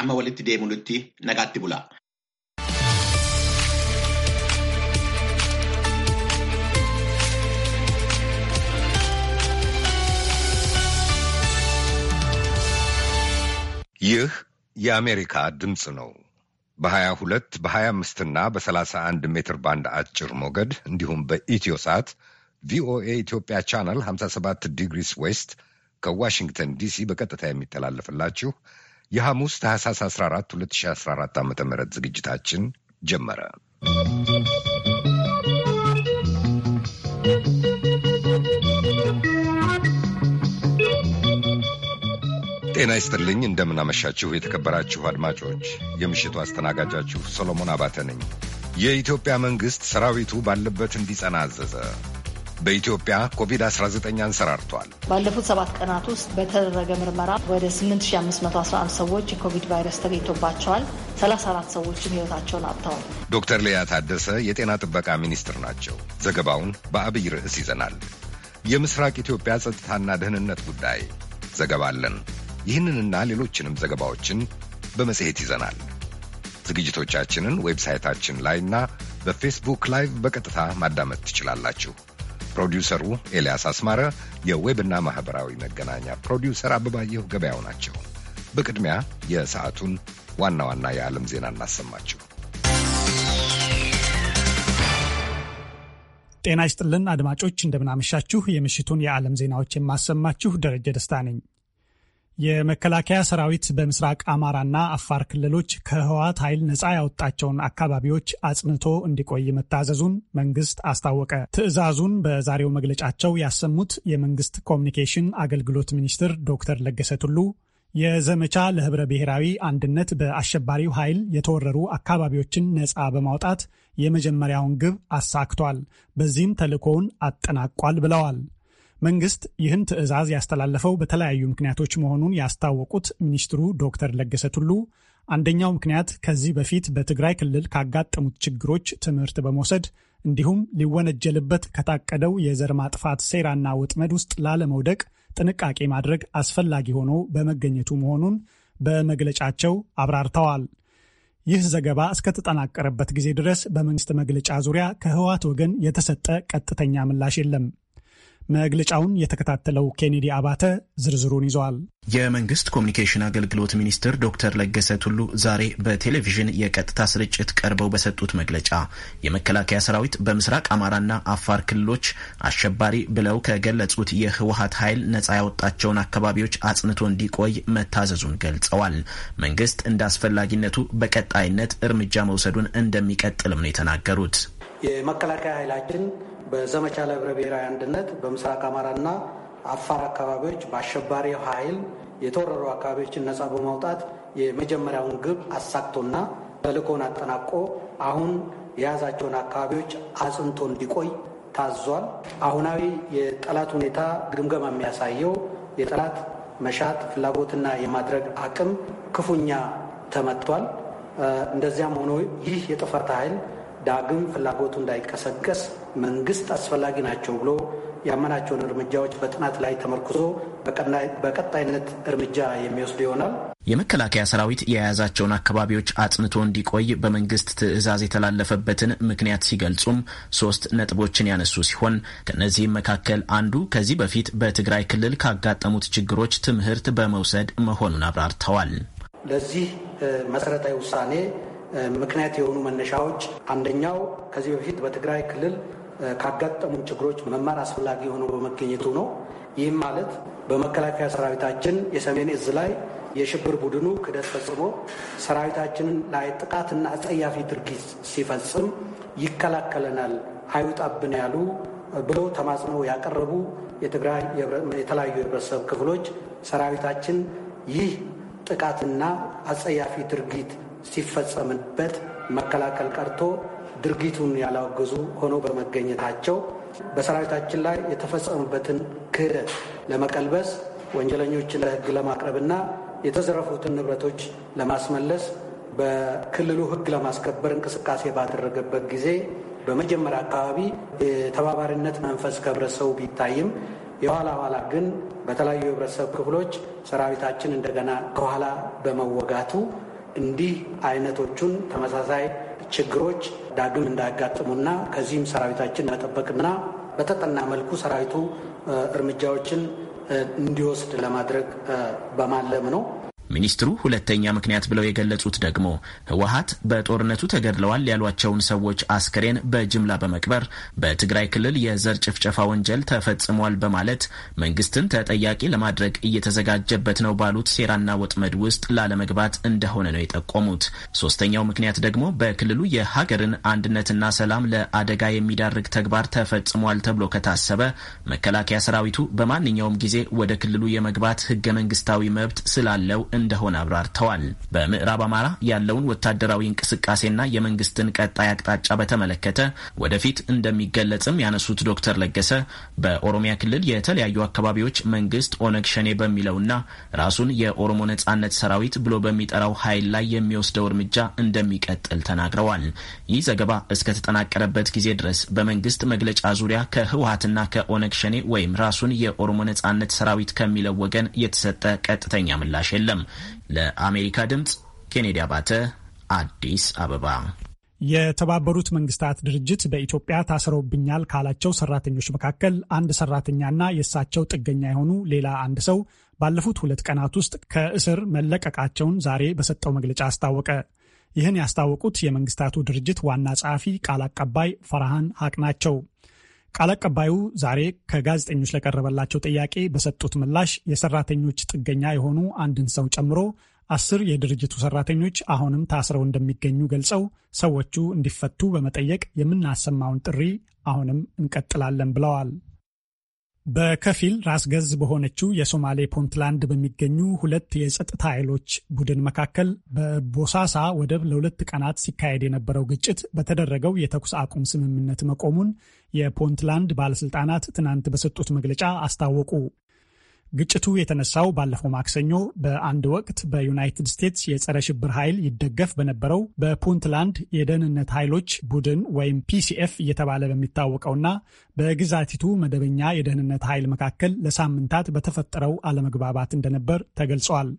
amma walitti deemuutti nagaatti bula. ይህ የአሜሪካ ድምፅ ነው። በ22 በ25 እና በ31 ሜትር ባንድ አጭር ሞገድ እንዲሁም በኢትዮ ሳት ቪኦኤ ኢትዮጵያ ቻናል 57 ዲግሪስ ዌስት ከዋሽንግተን ዲሲ በቀጥታ የሚተላለፍላችሁ የሐሙስ ታህሳስ 14 2014 ዓ ም ዝግጅታችን ጀመረ። ጤና ይስጥልኝ። እንደምናመሻችሁ የተከበራችሁ አድማጮች፣ የምሽቱ አስተናጋጃችሁ ሰሎሞን አባተ ነኝ። የኢትዮጵያ መንግሥት ሰራዊቱ ባለበት እንዲጸና አዘዘ። በኢትዮጵያ ኮቪድ-19 አንሰራርቷል። ባለፉት ሰባት ቀናት ውስጥ በተደረገ ምርመራ ወደ 8511 ሰዎች የኮቪድ ቫይረስ ተገኝቶባቸዋል። 34 ሰዎችም ሕይወታቸውን አጥተዋል። ዶክተር ሊያ ታደሰ የጤና ጥበቃ ሚኒስትር ናቸው። ዘገባውን በአብይ ርዕስ ይዘናል። የምስራቅ ኢትዮጵያ ጸጥታና ደህንነት ጉዳይ ዘገባ አለን። ይህንንና ሌሎችንም ዘገባዎችን በመጽሔት ይዘናል። ዝግጅቶቻችንን ዌብሳይታችን ላይና በፌስቡክ ላይቭ በቀጥታ ማዳመጥ ትችላላችሁ። ፕሮዲውሰሩ ኤልያስ አስማረ፣ የዌብና ማኅበራዊ መገናኛ ፕሮዲውሰር አበባየሁ ገበያው ናቸው። በቅድሚያ የሰዓቱን ዋና ዋና የዓለም ዜና እናሰማችሁ። ጤና ይስጥልን አድማጮች፣ እንደምናመሻችሁ። የምሽቱን የዓለም ዜናዎች የማሰማችሁ ደረጀ ደስታ ነኝ። የመከላከያ ሰራዊት በምስራቅ አማራና አፋር ክልሎች ከህወሓት ኃይል ነፃ ያወጣቸውን አካባቢዎች አጽንቶ እንዲቆይ መታዘዙን መንግስት አስታወቀ። ትዕዛዙን በዛሬው መግለጫቸው ያሰሙት የመንግስት ኮሚኒኬሽን አገልግሎት ሚኒስትር ዶክተር ለገሰ ቱሉ የዘመቻ ለህብረ ብሔራዊ አንድነት በአሸባሪው ኃይል የተወረሩ አካባቢዎችን ነፃ በማውጣት የመጀመሪያውን ግብ አሳክቷል፣ በዚህም ተልእኮውን አጠናቋል ብለዋል። መንግስት ይህን ትዕዛዝ ያስተላለፈው በተለያዩ ምክንያቶች መሆኑን ያስታወቁት ሚኒስትሩ ዶክተር ለገሰ ቱሉ አንደኛው ምክንያት ከዚህ በፊት በትግራይ ክልል ካጋጠሙት ችግሮች ትምህርት በመውሰድ እንዲሁም ሊወነጀልበት ከታቀደው የዘር ማጥፋት ሴራና ወጥመድ ውስጥ ላለመውደቅ ጥንቃቄ ማድረግ አስፈላጊ ሆኖ በመገኘቱ መሆኑን በመግለጫቸው አብራርተዋል። ይህ ዘገባ እስከተጠናቀረበት ጊዜ ድረስ በመንግስት መግለጫ ዙሪያ ከህወሓት ወገን የተሰጠ ቀጥተኛ ምላሽ የለም። መግለጫውን የተከታተለው ኬኔዲ አባተ ዝርዝሩን ይዘዋል። የመንግስት ኮሚኒኬሽን አገልግሎት ሚኒስትር ዶክተር ለገሰ ቱሉ ዛሬ በቴሌቪዥን የቀጥታ ስርጭት ቀርበው በሰጡት መግለጫ የመከላከያ ሰራዊት በምስራቅ አማራና አፋር ክልሎች አሸባሪ ብለው ከገለጹት የህወሀት ኃይል ነጻ ያወጣቸውን አካባቢዎች አጽንቶ እንዲቆይ መታዘዙን ገልጸዋል። መንግስት እንደ አስፈላጊነቱ በቀጣይነት እርምጃ መውሰዱን እንደሚቀጥልም ነው የተናገሩት። የመከላከያ ኃይላችን በዘመቻ ለህብረ ብሔራዊ አንድነት በምስራቅ አማራና አፋር አካባቢዎች በአሸባሪ ኃይል የተወረሩ አካባቢዎችን ነጻ በማውጣት የመጀመሪያውን ግብ አሳክቶና በልኮን አጠናቆ አሁን የያዛቸውን አካባቢዎች አጽንቶ እንዲቆይ ታዟል። አሁናዊ የጠላት ሁኔታ ግምገማ የሚያሳየው የጠላት መሻት ፍላጎትና የማድረግ አቅም ክፉኛ ተመቷል። እንደዚያም ሆኖ ይህ የጥፈርት ኃይል ዳግም ፍላጎቱ እንዳይቀሰቀስ መንግስት አስፈላጊ ናቸው ብሎ ያመናቸውን እርምጃዎች በጥናት ላይ ተመርኩዞ በቀጣይነት እርምጃ የሚወስዱ ይሆናል። የመከላከያ ሰራዊት የያዛቸውን አካባቢዎች አጽንቶ እንዲቆይ በመንግስት ትዕዛዝ የተላለፈበትን ምክንያት ሲገልጹም ሶስት ነጥቦችን ያነሱ ሲሆን ከእነዚህም መካከል አንዱ ከዚህ በፊት በትግራይ ክልል ካጋጠሙት ችግሮች ትምህርት በመውሰድ መሆኑን አብራርተዋል። ለዚህ መሰረታዊ ውሳኔ ምክንያት የሆኑ መነሻዎች አንደኛው ከዚህ በፊት በትግራይ ክልል ካጋጠሙን ችግሮች መማር አስፈላጊ ሆኖ በመገኘቱ ነው። ይህም ማለት በመከላከያ ሰራዊታችን የሰሜን እዝ ላይ የሽብር ቡድኑ ክደት ፈጽሞ ሰራዊታችንን ላይ ጥቃትና አጸያፊ ድርጊት ሲፈጽም ይከላከለናል፣ አይውጣብን ያሉ ብሎ ተማጽኖ ያቀረቡ የትግራይ የተለያዩ የህብረተሰብ ክፍሎች ሰራዊታችን ይህ ጥቃትና አጸያፊ ድርጊት ሲፈጸምበት መከላከል ቀርቶ ድርጊቱን ያላወገዙ ሆነው በመገኘታቸው በሰራዊታችን ላይ የተፈጸሙበትን ክህደት ለመቀልበስ ወንጀለኞችን ለህግ ለማቅረብና የተዘረፉትን ንብረቶች ለማስመለስ በክልሉ ህግ ለማስከበር እንቅስቃሴ ባደረገበት ጊዜ በመጀመሪያ አካባቢ የተባባሪነት መንፈስ ከህብረተሰቡ ቢታይም የኋላ ኋላ ግን በተለያዩ የህብረተሰብ ክፍሎች ሰራዊታችን እንደገና ከኋላ በመወጋቱ እንዲህ አይነቶቹን ተመሳሳይ ችግሮች ዳግም እንዳያጋጥሙና ከዚህም ሰራዊታችን መጠበቅና በተጠና መልኩ ሰራዊቱ እርምጃዎችን እንዲወስድ ለማድረግ በማለም ነው። ሚኒስትሩ ሁለተኛ ምክንያት ብለው የገለጹት ደግሞ ህወሀት በጦርነቱ ተገድለዋል ያሏቸውን ሰዎች አስክሬን በጅምላ በመቅበር በትግራይ ክልል የዘር ጭፍጨፋ ወንጀል ተፈጽሟል በማለት መንግስትን ተጠያቂ ለማድረግ እየተዘጋጀበት ነው ባሉት ሴራና ወጥመድ ውስጥ ላለመግባት እንደሆነ ነው የጠቆሙት። ሶስተኛው ምክንያት ደግሞ በክልሉ የሀገርን አንድነትና ሰላም ለአደጋ የሚዳርግ ተግባር ተፈጽሟል ተብሎ ከታሰበ መከላከያ ሰራዊቱ በማንኛውም ጊዜ ወደ ክልሉ የመግባት ህገ መንግስታዊ መብት ስላለው እንደሆነ አብራርተዋል። በምዕራብ አማራ ያለውን ወታደራዊ እንቅስቃሴና የመንግስትን ቀጣይ አቅጣጫ በተመለከተ ወደፊት እንደሚገለጽም ያነሱት ዶክተር ለገሰ በኦሮሚያ ክልል የተለያዩ አካባቢዎች መንግስት ኦነግ ሸኔ በሚለውና ራሱን የኦሮሞ ነጻነት ሰራዊት ብሎ በሚጠራው ኃይል ላይ የሚወስደው እርምጃ እንደሚቀጥል ተናግረዋል። ይህ ዘገባ እስከተጠናቀረበት ጊዜ ድረስ በመንግስት መግለጫ ዙሪያ ከህወሀትና ከኦነግ ሸኔ ወይም ራሱን የኦሮሞ ነጻነት ሰራዊት ከሚለው ወገን የተሰጠ ቀጥተኛ ምላሽ የለም። ለአሜሪካ ድምፅ ኬኔዲ አባተ አዲስ አበባ። የተባበሩት መንግስታት ድርጅት በኢትዮጵያ ታስረውብኛል ካላቸው ሰራተኞች መካከል አንድ ሰራተኛና የእሳቸው ጥገኛ የሆኑ ሌላ አንድ ሰው ባለፉት ሁለት ቀናት ውስጥ ከእስር መለቀቃቸውን ዛሬ በሰጠው መግለጫ አስታወቀ። ይህን ያስታወቁት የመንግስታቱ ድርጅት ዋና ጸሐፊ ቃል አቀባይ ፈርሃን ሀቅ ናቸው። ቃል አቀባዩ ዛሬ ከጋዜጠኞች ለቀረበላቸው ጥያቄ በሰጡት ምላሽ የሰራተኞች ጥገኛ የሆኑ አንድን ሰው ጨምሮ አስር የድርጅቱ ሰራተኞች አሁንም ታስረው እንደሚገኙ ገልጸው ሰዎቹ እንዲፈቱ በመጠየቅ የምናሰማውን ጥሪ አሁንም እንቀጥላለን ብለዋል። በከፊል ራስ ገዝ በሆነችው የሶማሌ ፑንትላንድ በሚገኙ ሁለት የጸጥታ ኃይሎች ቡድን መካከል በቦሳሳ ወደብ ለሁለት ቀናት ሲካሄድ የነበረው ግጭት በተደረገው የተኩስ አቁም ስምምነት መቆሙን የፑንትላንድ ባለስልጣናት ትናንት በሰጡት መግለጫ አስታወቁ። ግጭቱ የተነሳው ባለፈው ማክሰኞ በአንድ ወቅት በዩናይትድ ስቴትስ የጸረ ሽብር ኃይል ይደገፍ በነበረው በፑንትላንድ የደህንነት ኃይሎች ቡድን ወይም ፒሲኤፍ እየተባለ በሚታወቀውና በግዛቲቱ መደበኛ የደህንነት ኃይል መካከል ለሳምንታት በተፈጠረው አለመግባባት እንደነበር ተገልጿል።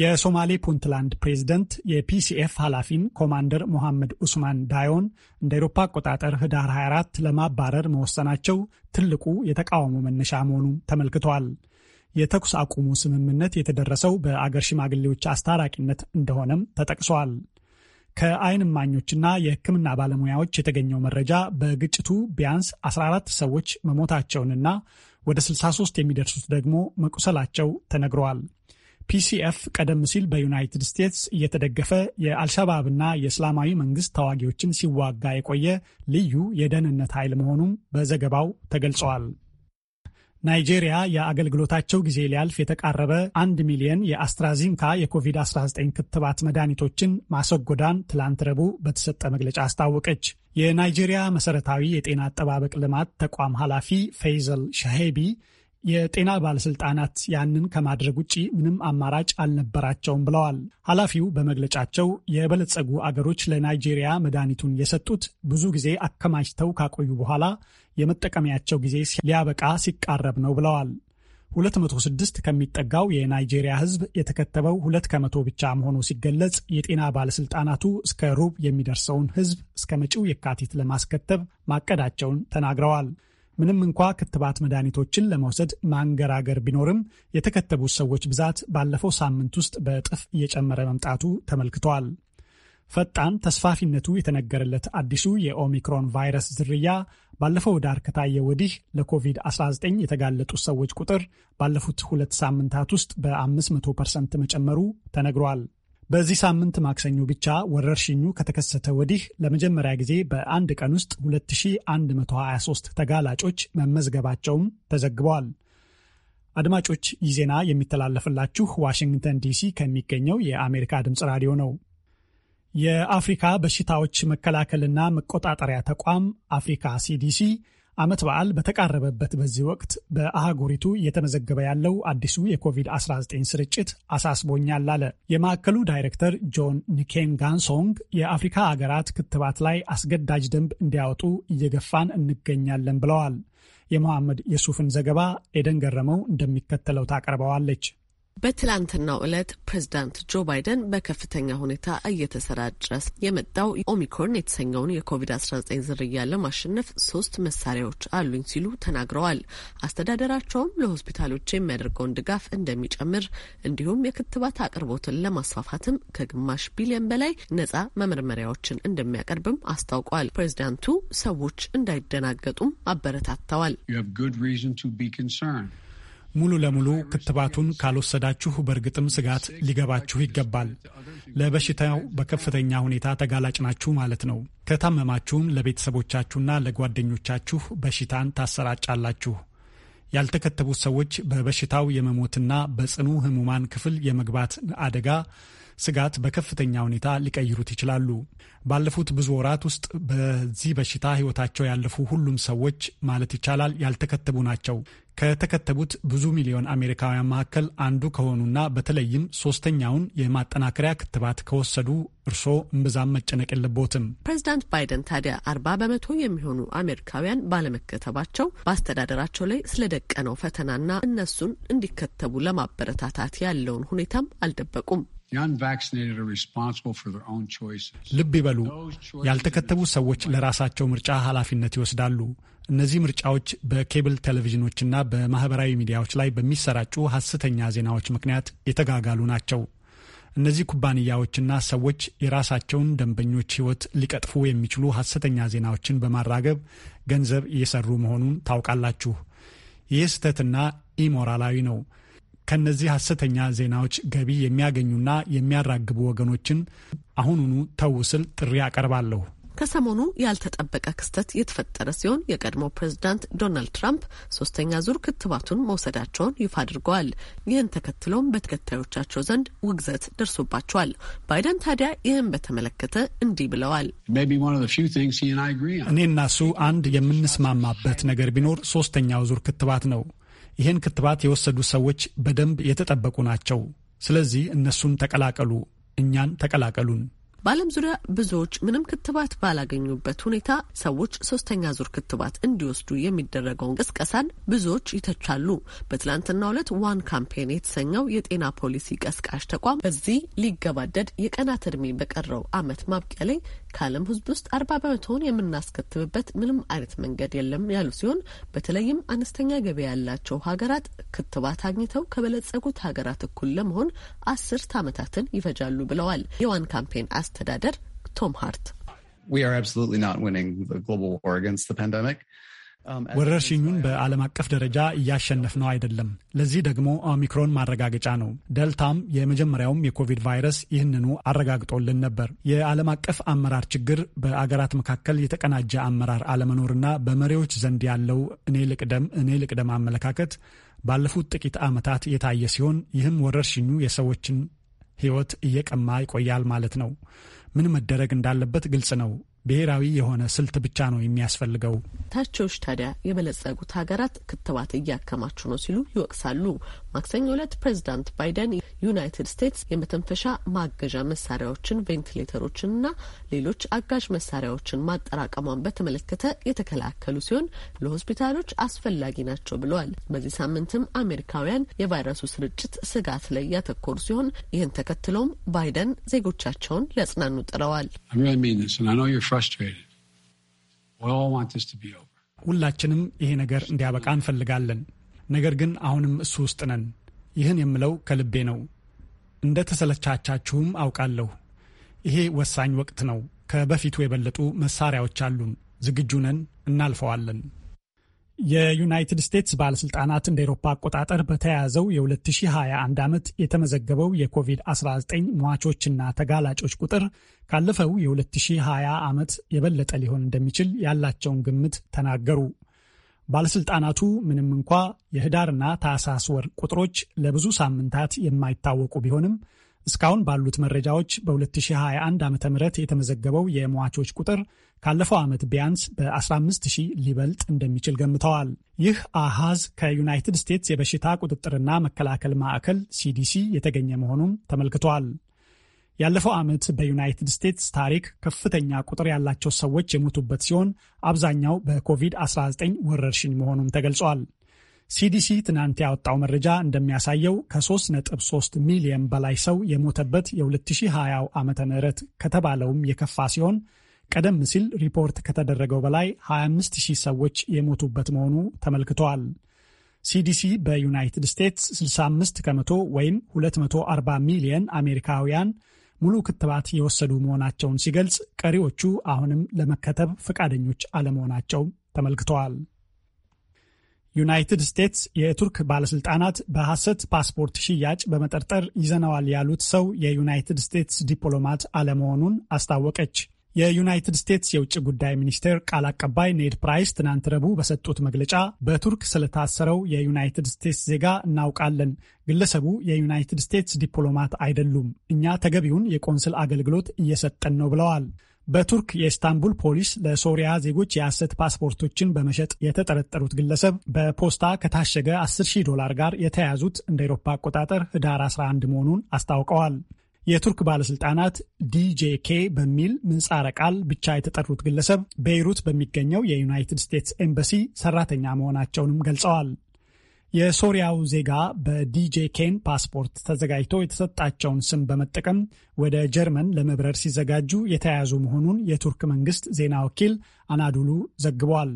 የሶማሌ ፑንትላንድ ፕሬዝደንት የፒሲኤፍ ኃላፊን ኮማንደር ሞሐመድ ኡስማን ዳዮን እንደ ኤሮፓ አቆጣጠር ህዳር 24 ለማባረር መወሰናቸው ትልቁ የተቃውሞ መነሻ መሆኑን ተመልክተዋል። የተኩስ አቁሙ ስምምነት የተደረሰው በአገር ሽማግሌዎች አስታራቂነት እንደሆነም ተጠቅሷል። ከዓይን እማኞችና የሕክምና ባለሙያዎች የተገኘው መረጃ በግጭቱ ቢያንስ 14 ሰዎች መሞታቸውንና ወደ 63 የሚደርሱት ደግሞ መቁሰላቸው ተነግረዋል። ፒሲኤፍ ቀደም ሲል በዩናይትድ ስቴትስ እየተደገፈ የአልሸባብና የእስላማዊ መንግስት ተዋጊዎችን ሲዋጋ የቆየ ልዩ የደህንነት ኃይል መሆኑም በዘገባው ተገልጸዋል። ናይጄሪያ የአገልግሎታቸው ጊዜ ሊያልፍ የተቃረበ አንድ ሚሊየን የአስትራዚንካ የኮቪድ-19 ክትባት መድኃኒቶችን ማሰጎዳን ትላንት ረቡዕ በተሰጠ መግለጫ አስታወቀች። የናይጄሪያ መሠረታዊ የጤና አጠባበቅ ልማት ተቋም ኃላፊ ፌይዘል ሻሄቢ የጤና ባለስልጣናት ያንን ከማድረግ ውጭ ምንም አማራጭ አልነበራቸውም ብለዋል ኃላፊው በመግለጫቸው የበለጸጉ አገሮች ለናይጄሪያ መድኃኒቱን የሰጡት ብዙ ጊዜ አከማችተው ካቆዩ በኋላ የመጠቀሚያቸው ጊዜ ሊያበቃ ሲቃረብ ነው ብለዋል 206 ከሚጠጋው የናይጄሪያ ሕዝብ የተከተበው ሁለት ከመቶ ብቻ መሆኑ ሲገለጽ የጤና ባለስልጣናቱ እስከ ሩብ የሚደርሰውን ሕዝብ እስከ መጪው የካቲት ለማስከተብ ማቀዳቸውን ተናግረዋል። ምንም እንኳ ክትባት መድኃኒቶችን ለመውሰድ ማንገራገር ቢኖርም የተከተቡት ሰዎች ብዛት ባለፈው ሳምንት ውስጥ በእጥፍ እየጨመረ መምጣቱ ተመልክተዋል። ፈጣን ተስፋፊነቱ የተነገረለት አዲሱ የኦሚክሮን ቫይረስ ዝርያ ባለፈው ዳር ከታየ ወዲህ ለኮቪድ-19 የተጋለጡ ሰዎች ቁጥር ባለፉት ሁለት ሳምንታት ውስጥ በ500 ፐርሰንት መጨመሩ ተነግሯል። በዚህ ሳምንት ማክሰኞ ብቻ ወረርሽኙ ከተከሰተ ወዲህ ለመጀመሪያ ጊዜ በአንድ ቀን ውስጥ 2123 ተጋላጮች መመዝገባቸውም ተዘግበዋል። አድማጮች ይህ ዜና የሚተላለፍላችሁ ዋሽንግተን ዲሲ ከሚገኘው የአሜሪካ ድምፅ ራዲዮ ነው። የአፍሪካ በሽታዎች መከላከልና መቆጣጠሪያ ተቋም አፍሪካ ሲዲሲ ዓመት በዓል በተቃረበበት በዚህ ወቅት በአህጉሪቱ እየተመዘገበ ያለው አዲሱ የኮቪድ-19 ስርጭት አሳስቦኛል አለ የማዕከሉ ዳይሬክተር ጆን ጋንሶንግ የአፍሪካ አገራት ክትባት ላይ አስገዳጅ ደንብ እንዲያወጡ እየገፋን እንገኛለን ብለዋል። የመሐመድ የሱፍን ዘገባ ኤደን ገረመው እንደሚከተለው ታቀርበዋለች። በትላንትናው ዕለት ፕሬዚዳንት ጆ ባይደን በከፍተኛ ሁኔታ እየተሰራጨ የመጣው ኦሚክሮን የተሰኘውን የኮቪድ-19 ዝርያ ለማሸነፍ ሶስት መሳሪያዎች አሉኝ ሲሉ ተናግረዋል። አስተዳደራቸውም ለሆስፒታሎች የሚያደርገውን ድጋፍ እንደሚጨምር እንዲሁም የክትባት አቅርቦትን ለማስፋፋትም ከግማሽ ቢሊዮን በላይ ነጻ መመርመሪያዎችን እንደሚያቀርብም አስታውቋል። ፕሬዚዳንቱ ሰዎች እንዳይደናገጡም አበረታተዋል። ሙሉ ለሙሉ ክትባቱን ካልወሰዳችሁ በእርግጥም ስጋት ሊገባችሁ ይገባል። ለበሽታው በከፍተኛ ሁኔታ ተጋላጭ ናችሁ ማለት ነው። ከታመማችሁም ለቤተሰቦቻችሁና ለጓደኞቻችሁ በሽታን ታሰራጫላችሁ። ያልተከተቡት ሰዎች በበሽታው የመሞትና በጽኑ ህሙማን ክፍል የመግባት አደጋ ስጋት በከፍተኛ ሁኔታ ሊቀይሩት ይችላሉ። ባለፉት ብዙ ወራት ውስጥ በዚህ በሽታ ሕይወታቸው ያለፉ ሁሉም ሰዎች ማለት ይቻላል ያልተከተቡ ናቸው። ከተከተቡት ብዙ ሚሊዮን አሜሪካውያን መካከል አንዱ ከሆኑና በተለይም ሶስተኛውን የማጠናከሪያ ክትባት ከወሰዱ እርስዎ እምብዛም መጨነቅ የለቦትም። ፕሬዚዳንት ባይደን ታዲያ አርባ በመቶ የሚሆኑ አሜሪካውያን ባለመከተባቸው በአስተዳደራቸው ላይ ስለደቀነው ፈተናና እነሱን እንዲከተቡ ለማበረታታት ያለውን ሁኔታም አልደበቁም። ልብ ይበሉ፣ ያልተከተቡ ሰዎች ለራሳቸው ምርጫ ኃላፊነት ይወስዳሉ። እነዚህ ምርጫዎች በኬብል ቴሌቪዥኖችና በማኅበራዊ ሚዲያዎች ላይ በሚሰራጩ ሐሰተኛ ዜናዎች ምክንያት የተጋጋሉ ናቸው። እነዚህ ኩባንያዎችና ሰዎች የራሳቸውን ደንበኞች ሕይወት ሊቀጥፉ የሚችሉ ሐሰተኛ ዜናዎችን በማራገብ ገንዘብ እየሰሩ መሆኑን ታውቃላችሁ። ይህ ስህተትና ኢሞራላዊ ነው። ከነዚህ ሐሰተኛ ዜናዎች ገቢ የሚያገኙና የሚያራግቡ ወገኖችን አሁኑኑ ተውስል ስል ጥሪ አቀርባለሁ። ከሰሞኑ ያልተጠበቀ ክስተት የተፈጠረ ሲሆን የቀድሞ ፕሬዝዳንት ዶናልድ ትራምፕ ሶስተኛ ዙር ክትባቱን መውሰዳቸውን ይፋ አድርገዋል። ይህን ተከትሎም በተከታዮቻቸው ዘንድ ውግዘት ደርሶባቸዋል። ባይደን ታዲያ ይህን በተመለከተ እንዲህ ብለዋል። እኔና እሱ አንድ የምንስማማበት ነገር ቢኖር ሶስተኛው ዙር ክትባት ነው። ይህን ክትባት የወሰዱ ሰዎች በደንብ የተጠበቁ ናቸው። ስለዚህ እነሱን ተቀላቀሉ፣ እኛን ተቀላቀሉን። በዓለም ዙሪያ ብዙዎች ምንም ክትባት ባላገኙበት ሁኔታ ሰዎች ሶስተኛ ዙር ክትባት እንዲወስዱ የሚደረገውን ቅስቀሳን ብዙዎች ይተቻሉ። በትላንትናው ዕለት ዋን ካምፔን የተሰኘው የጤና ፖሊሲ ቀስቃሽ ተቋም በዚህ ሊገባደድ የቀናት እድሜ በቀረው ዓመት ማብቂያ ላይ ከዓለም ሕዝብ ውስጥ አርባ በመቶውን የምናስከትብበት ምንም አይነት መንገድ የለም ያሉ ሲሆን በተለይም አነስተኛ ገቢ ያላቸው ሀገራት ክትባት አግኝተው ከበለጸጉት ሀገራት እኩል ለመሆን አስርት ዓመታትን ይፈጃሉ ብለዋል። የዋን ካምፔን አስተዳደር ቶም ሃርት um, ወረርሽኙን በዓለም አቀፍ ደረጃ እያሸነፍ ነው አይደለም። ለዚህ ደግሞ ኦሚክሮን ማረጋገጫ ነው። ደልታም የመጀመሪያውም የኮቪድ ቫይረስ ይህንኑ አረጋግጦልን ነበር። የዓለም አቀፍ አመራር ችግር በአገራት መካከል የተቀናጀ አመራር አለመኖርና በመሪዎች ዘንድ ያለው እኔ ልቅደም እኔ ልቅደም አመለካከት ባለፉት ጥቂት ዓመታት የታየ ሲሆን ይህም ወረርሽኙ የሰዎችን ሕይወት እየቀማ ይቆያል ማለት ነው። ምን መደረግ እንዳለበት ግልጽ ነው። ብሔራዊ የሆነ ስልት ብቻ ነው የሚያስፈልገው። ታቸዎች ታዲያ የበለጸጉት ሀገራት ክትባት እያከማቹ ነው ሲሉ ይወቅሳሉ። ማክሰኞ ዕለት ፕሬዚዳንት ባይደን ዩናይትድ ስቴትስ የመተንፈሻ ማገዣ መሳሪያዎችን፣ ቬንቲሌተሮችንና ሌሎች አጋዥ መሳሪያዎችን ማጠራቀሟን በተመለከተ የተከላከሉ ሲሆን ለሆስፒታሎች አስፈላጊ ናቸው ብለዋል። በዚህ ሳምንትም አሜሪካውያን የቫይረሱ ስርጭት ስጋት ላይ ያተኮሩ ሲሆን ይህን ተከትለውም ባይደን ዜጎቻቸውን ሊያጽናኑ ጥረዋል። ሁላችንም ይሄ ነገር እንዲያበቃ እንፈልጋለን። ነገር ግን አሁንም እሱ ውስጥ ነን። ይህን የምለው ከልቤ ነው። እንደ ተሰለቻቻችሁም አውቃለሁ። ይሄ ወሳኝ ወቅት ነው። ከበፊቱ የበለጡ መሳሪያዎች አሉን። ዝግጁ ነን። እናልፈዋለን። የዩናይትድ ስቴትስ ባለስልጣናት እንደ ኤሮፓ አቆጣጠር በተያያዘው የ2021 ዓመት የተመዘገበው የኮቪድ-19 ሟቾችና ተጋላጮች ቁጥር ካለፈው የ2020 ዓመት የበለጠ ሊሆን እንደሚችል ያላቸውን ግምት ተናገሩ። ባለስልጣናቱ ምንም እንኳ የህዳርና ታህሳስ ወር ቁጥሮች ለብዙ ሳምንታት የማይታወቁ ቢሆንም እስካሁን ባሉት መረጃዎች በ2021 ዓ ም የተመዘገበው የሟቾች ቁጥር ካለፈው ዓመት ቢያንስ በ15 ሺህ ሊበልጥ እንደሚችል ገምተዋል። ይህ አሃዝ ከዩናይትድ ስቴትስ የበሽታ ቁጥጥርና መከላከል ማዕከል ሲዲሲ የተገኘ መሆኑም ተመልክቷል። ያለፈው ዓመት በዩናይትድ ስቴትስ ታሪክ ከፍተኛ ቁጥር ያላቸው ሰዎች የሞቱበት ሲሆን አብዛኛው በኮቪድ-19 ወረርሽኝ መሆኑም ተገልጿል። ሲዲሲ ትናንት ያወጣው መረጃ እንደሚያሳየው ከ3.3 ሚሊየን በላይ ሰው የሞተበት የ2020 ዓመተ ምህረት ከተባለውም የከፋ ሲሆን ቀደም ሲል ሪፖርት ከተደረገው በላይ 25 ሺህ ሰዎች የሞቱበት መሆኑ ተመልክተዋል። ሲዲሲ በዩናይትድ ስቴትስ 65 ከመቶ ወይም 240 ሚሊየን አሜሪካውያን ሙሉ ክትባት የወሰዱ መሆናቸውን ሲገልጽ ቀሪዎቹ አሁንም ለመከተብ ፈቃደኞች አለመሆናቸው ተመልክተዋል። ዩናይትድ ስቴትስ የቱርክ ባለሥልጣናት በሐሰት ፓስፖርት ሽያጭ በመጠርጠር ይዘነዋል ያሉት ሰው የዩናይትድ ስቴትስ ዲፕሎማት አለመሆኑን አስታወቀች። የዩናይትድ ስቴትስ የውጭ ጉዳይ ሚኒስቴር ቃል አቀባይ ኔድ ፕራይስ ትናንት ረቡዕ በሰጡት መግለጫ በቱርክ ስለታሰረው የዩናይትድ ስቴትስ ዜጋ እናውቃለን። ግለሰቡ የዩናይትድ ስቴትስ ዲፕሎማት አይደሉም። እኛ ተገቢውን የቆንስል አገልግሎት እየሰጠን ነው ብለዋል። በቱርክ የኢስታንቡል ፖሊስ ለሶሪያ ዜጎች የሐሰት ፓስፖርቶችን በመሸጥ የተጠረጠሩት ግለሰብ በፖስታ ከታሸገ 10 ሺህ ዶላር ጋር የተያዙት እንደ ኤሮፓ አቆጣጠር ህዳር 11 መሆኑን አስታውቀዋል። የቱርክ ባለስልጣናት ዲጄኬ በሚል ምህጻረ ቃል ብቻ የተጠሩት ግለሰብ ቤይሩት በሚገኘው የዩናይትድ ስቴትስ ኤምባሲ ሰራተኛ መሆናቸውንም ገልጸዋል። የሶሪያው ዜጋ በዲጄኬን ፓስፖርት ተዘጋጅቶ የተሰጣቸውን ስም በመጠቀም ወደ ጀርመን ለመብረር ሲዘጋጁ የተያያዙ መሆኑን የቱርክ መንግስት ዜና ወኪል አናዱሉ ዘግቧል።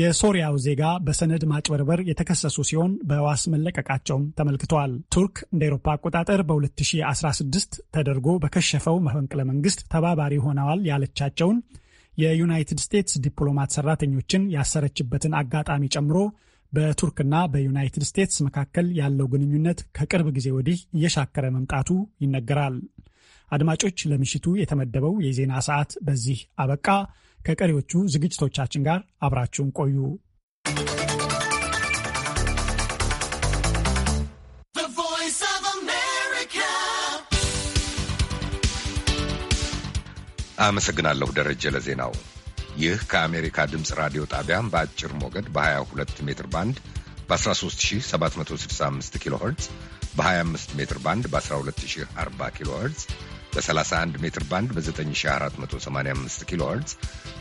የሶሪያው ዜጋ በሰነድ ማጭበርበር የተከሰሱ ሲሆን በዋስ መለቀቃቸውም ተመልክተዋል። ቱርክ እንደ ኤሮፓ አቆጣጠር በ2016 ተደርጎ በከሸፈው መፈንቅለ መንግስት ተባባሪ ሆነዋል ያለቻቸውን የዩናይትድ ስቴትስ ዲፕሎማት ሰራተኞችን ያሰረችበትን አጋጣሚ ጨምሮ በቱርክና በዩናይትድ ስቴትስ መካከል ያለው ግንኙነት ከቅርብ ጊዜ ወዲህ እየሻከረ መምጣቱ ይነገራል። አድማጮች፣ ለምሽቱ የተመደበው የዜና ሰዓት በዚህ አበቃ። ከቀሪዎቹ ዝግጅቶቻችን ጋር አብራችሁን ቆዩ። አመሰግናለሁ ደረጀ ለዜናው። ይህ ከአሜሪካ ድምፅ ራዲዮ ጣቢያ በአጭር ሞገድ በ22 ሜትር ባንድ በ13765 ኪሎ ኸርትዝ በ25 ሜትር ባንድ በ1240 ኪሎ ኸርትዝ በ31 ሜትር ባንድ በ9485 ኪሎ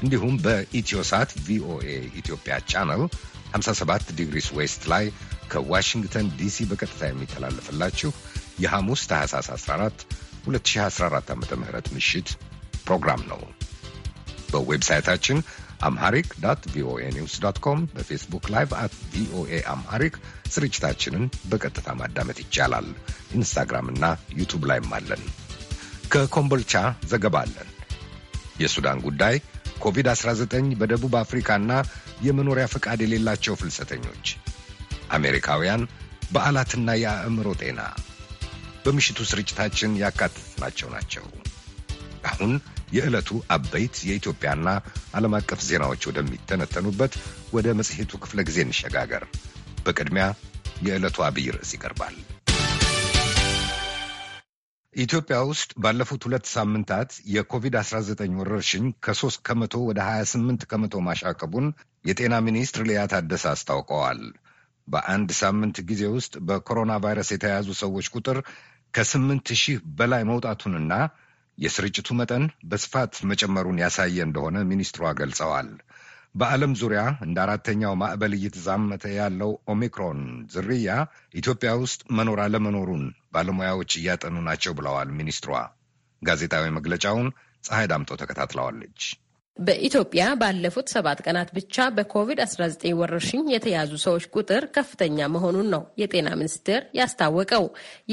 እንዲሁም በኢትዮሳት ቪኦኤ ኢትዮጵያ ቻናል 57 ዲግሪስ ዌስት ላይ ከዋሽንግተን ዲሲ በቀጥታ የሚተላለፍላችሁ የሐሙስ ታህሳስ 14 2014 ዓ ም ምሽት ፕሮግራም ነው። በዌብሳይታችን አምሃሪክ ዶት ቪኦኤ ኒውስ ዶት ኮም በፌስቡክ ላይቭ አት ቪኦኤ አምሃሪክ ስርጭታችንን በቀጥታ ማዳመጥ ይቻላል። ኢንስታግራም እና ዩቱብ ላይም አለን። ከኮምቦልቻ ዘገባ አለን። የሱዳን ጉዳይ፣ ኮቪድ-19 በደቡብ አፍሪካና የመኖሪያ ፈቃድ የሌላቸው ፍልሰተኞች፣ አሜሪካውያን፣ በዓላትና የአእምሮ ጤና በምሽቱ ስርጭታችን ያካተትናቸው ናቸው። አሁን የዕለቱ አበይት የኢትዮጵያና ዓለም አቀፍ ዜናዎች ወደሚተነተኑበት ወደ መጽሔቱ ክፍለ ጊዜ እንሸጋገር። በቅድሚያ የዕለቱ አብይ ርዕስ ይቀርባል። ኢትዮጵያ ውስጥ ባለፉት ሁለት ሳምንታት የኮቪድ-19 ወረርሽኝ ከሶስት ከመቶ ወደ 28 ከመቶ ማሻቀቡን የጤና ሚኒስትር ሊያ ታደሰ አስታውቀዋል። በአንድ ሳምንት ጊዜ ውስጥ በኮሮና ቫይረስ የተያዙ ሰዎች ቁጥር ከስምንት ሺህ በላይ መውጣቱንና የስርጭቱ መጠን በስፋት መጨመሩን ያሳየ እንደሆነ ሚኒስትሯ ገልጸዋል። በዓለም ዙሪያ እንደ አራተኛው ማዕበል እየተዛመተ ያለው ኦሚክሮን ዝርያ ኢትዮጵያ ውስጥ መኖር አለመኖሩን ባለሙያዎች እያጠኑ ናቸው ብለዋል ሚኒስትሯ። ጋዜጣዊ መግለጫውን ፀሐይ ዳምጠው ተከታትለዋለች። በኢትዮጵያ ባለፉት ሰባት ቀናት ብቻ በኮቪድ-19 ወረርሽኝ የተያዙ ሰዎች ቁጥር ከፍተኛ መሆኑን ነው የጤና ሚኒስቴር ያስታወቀው።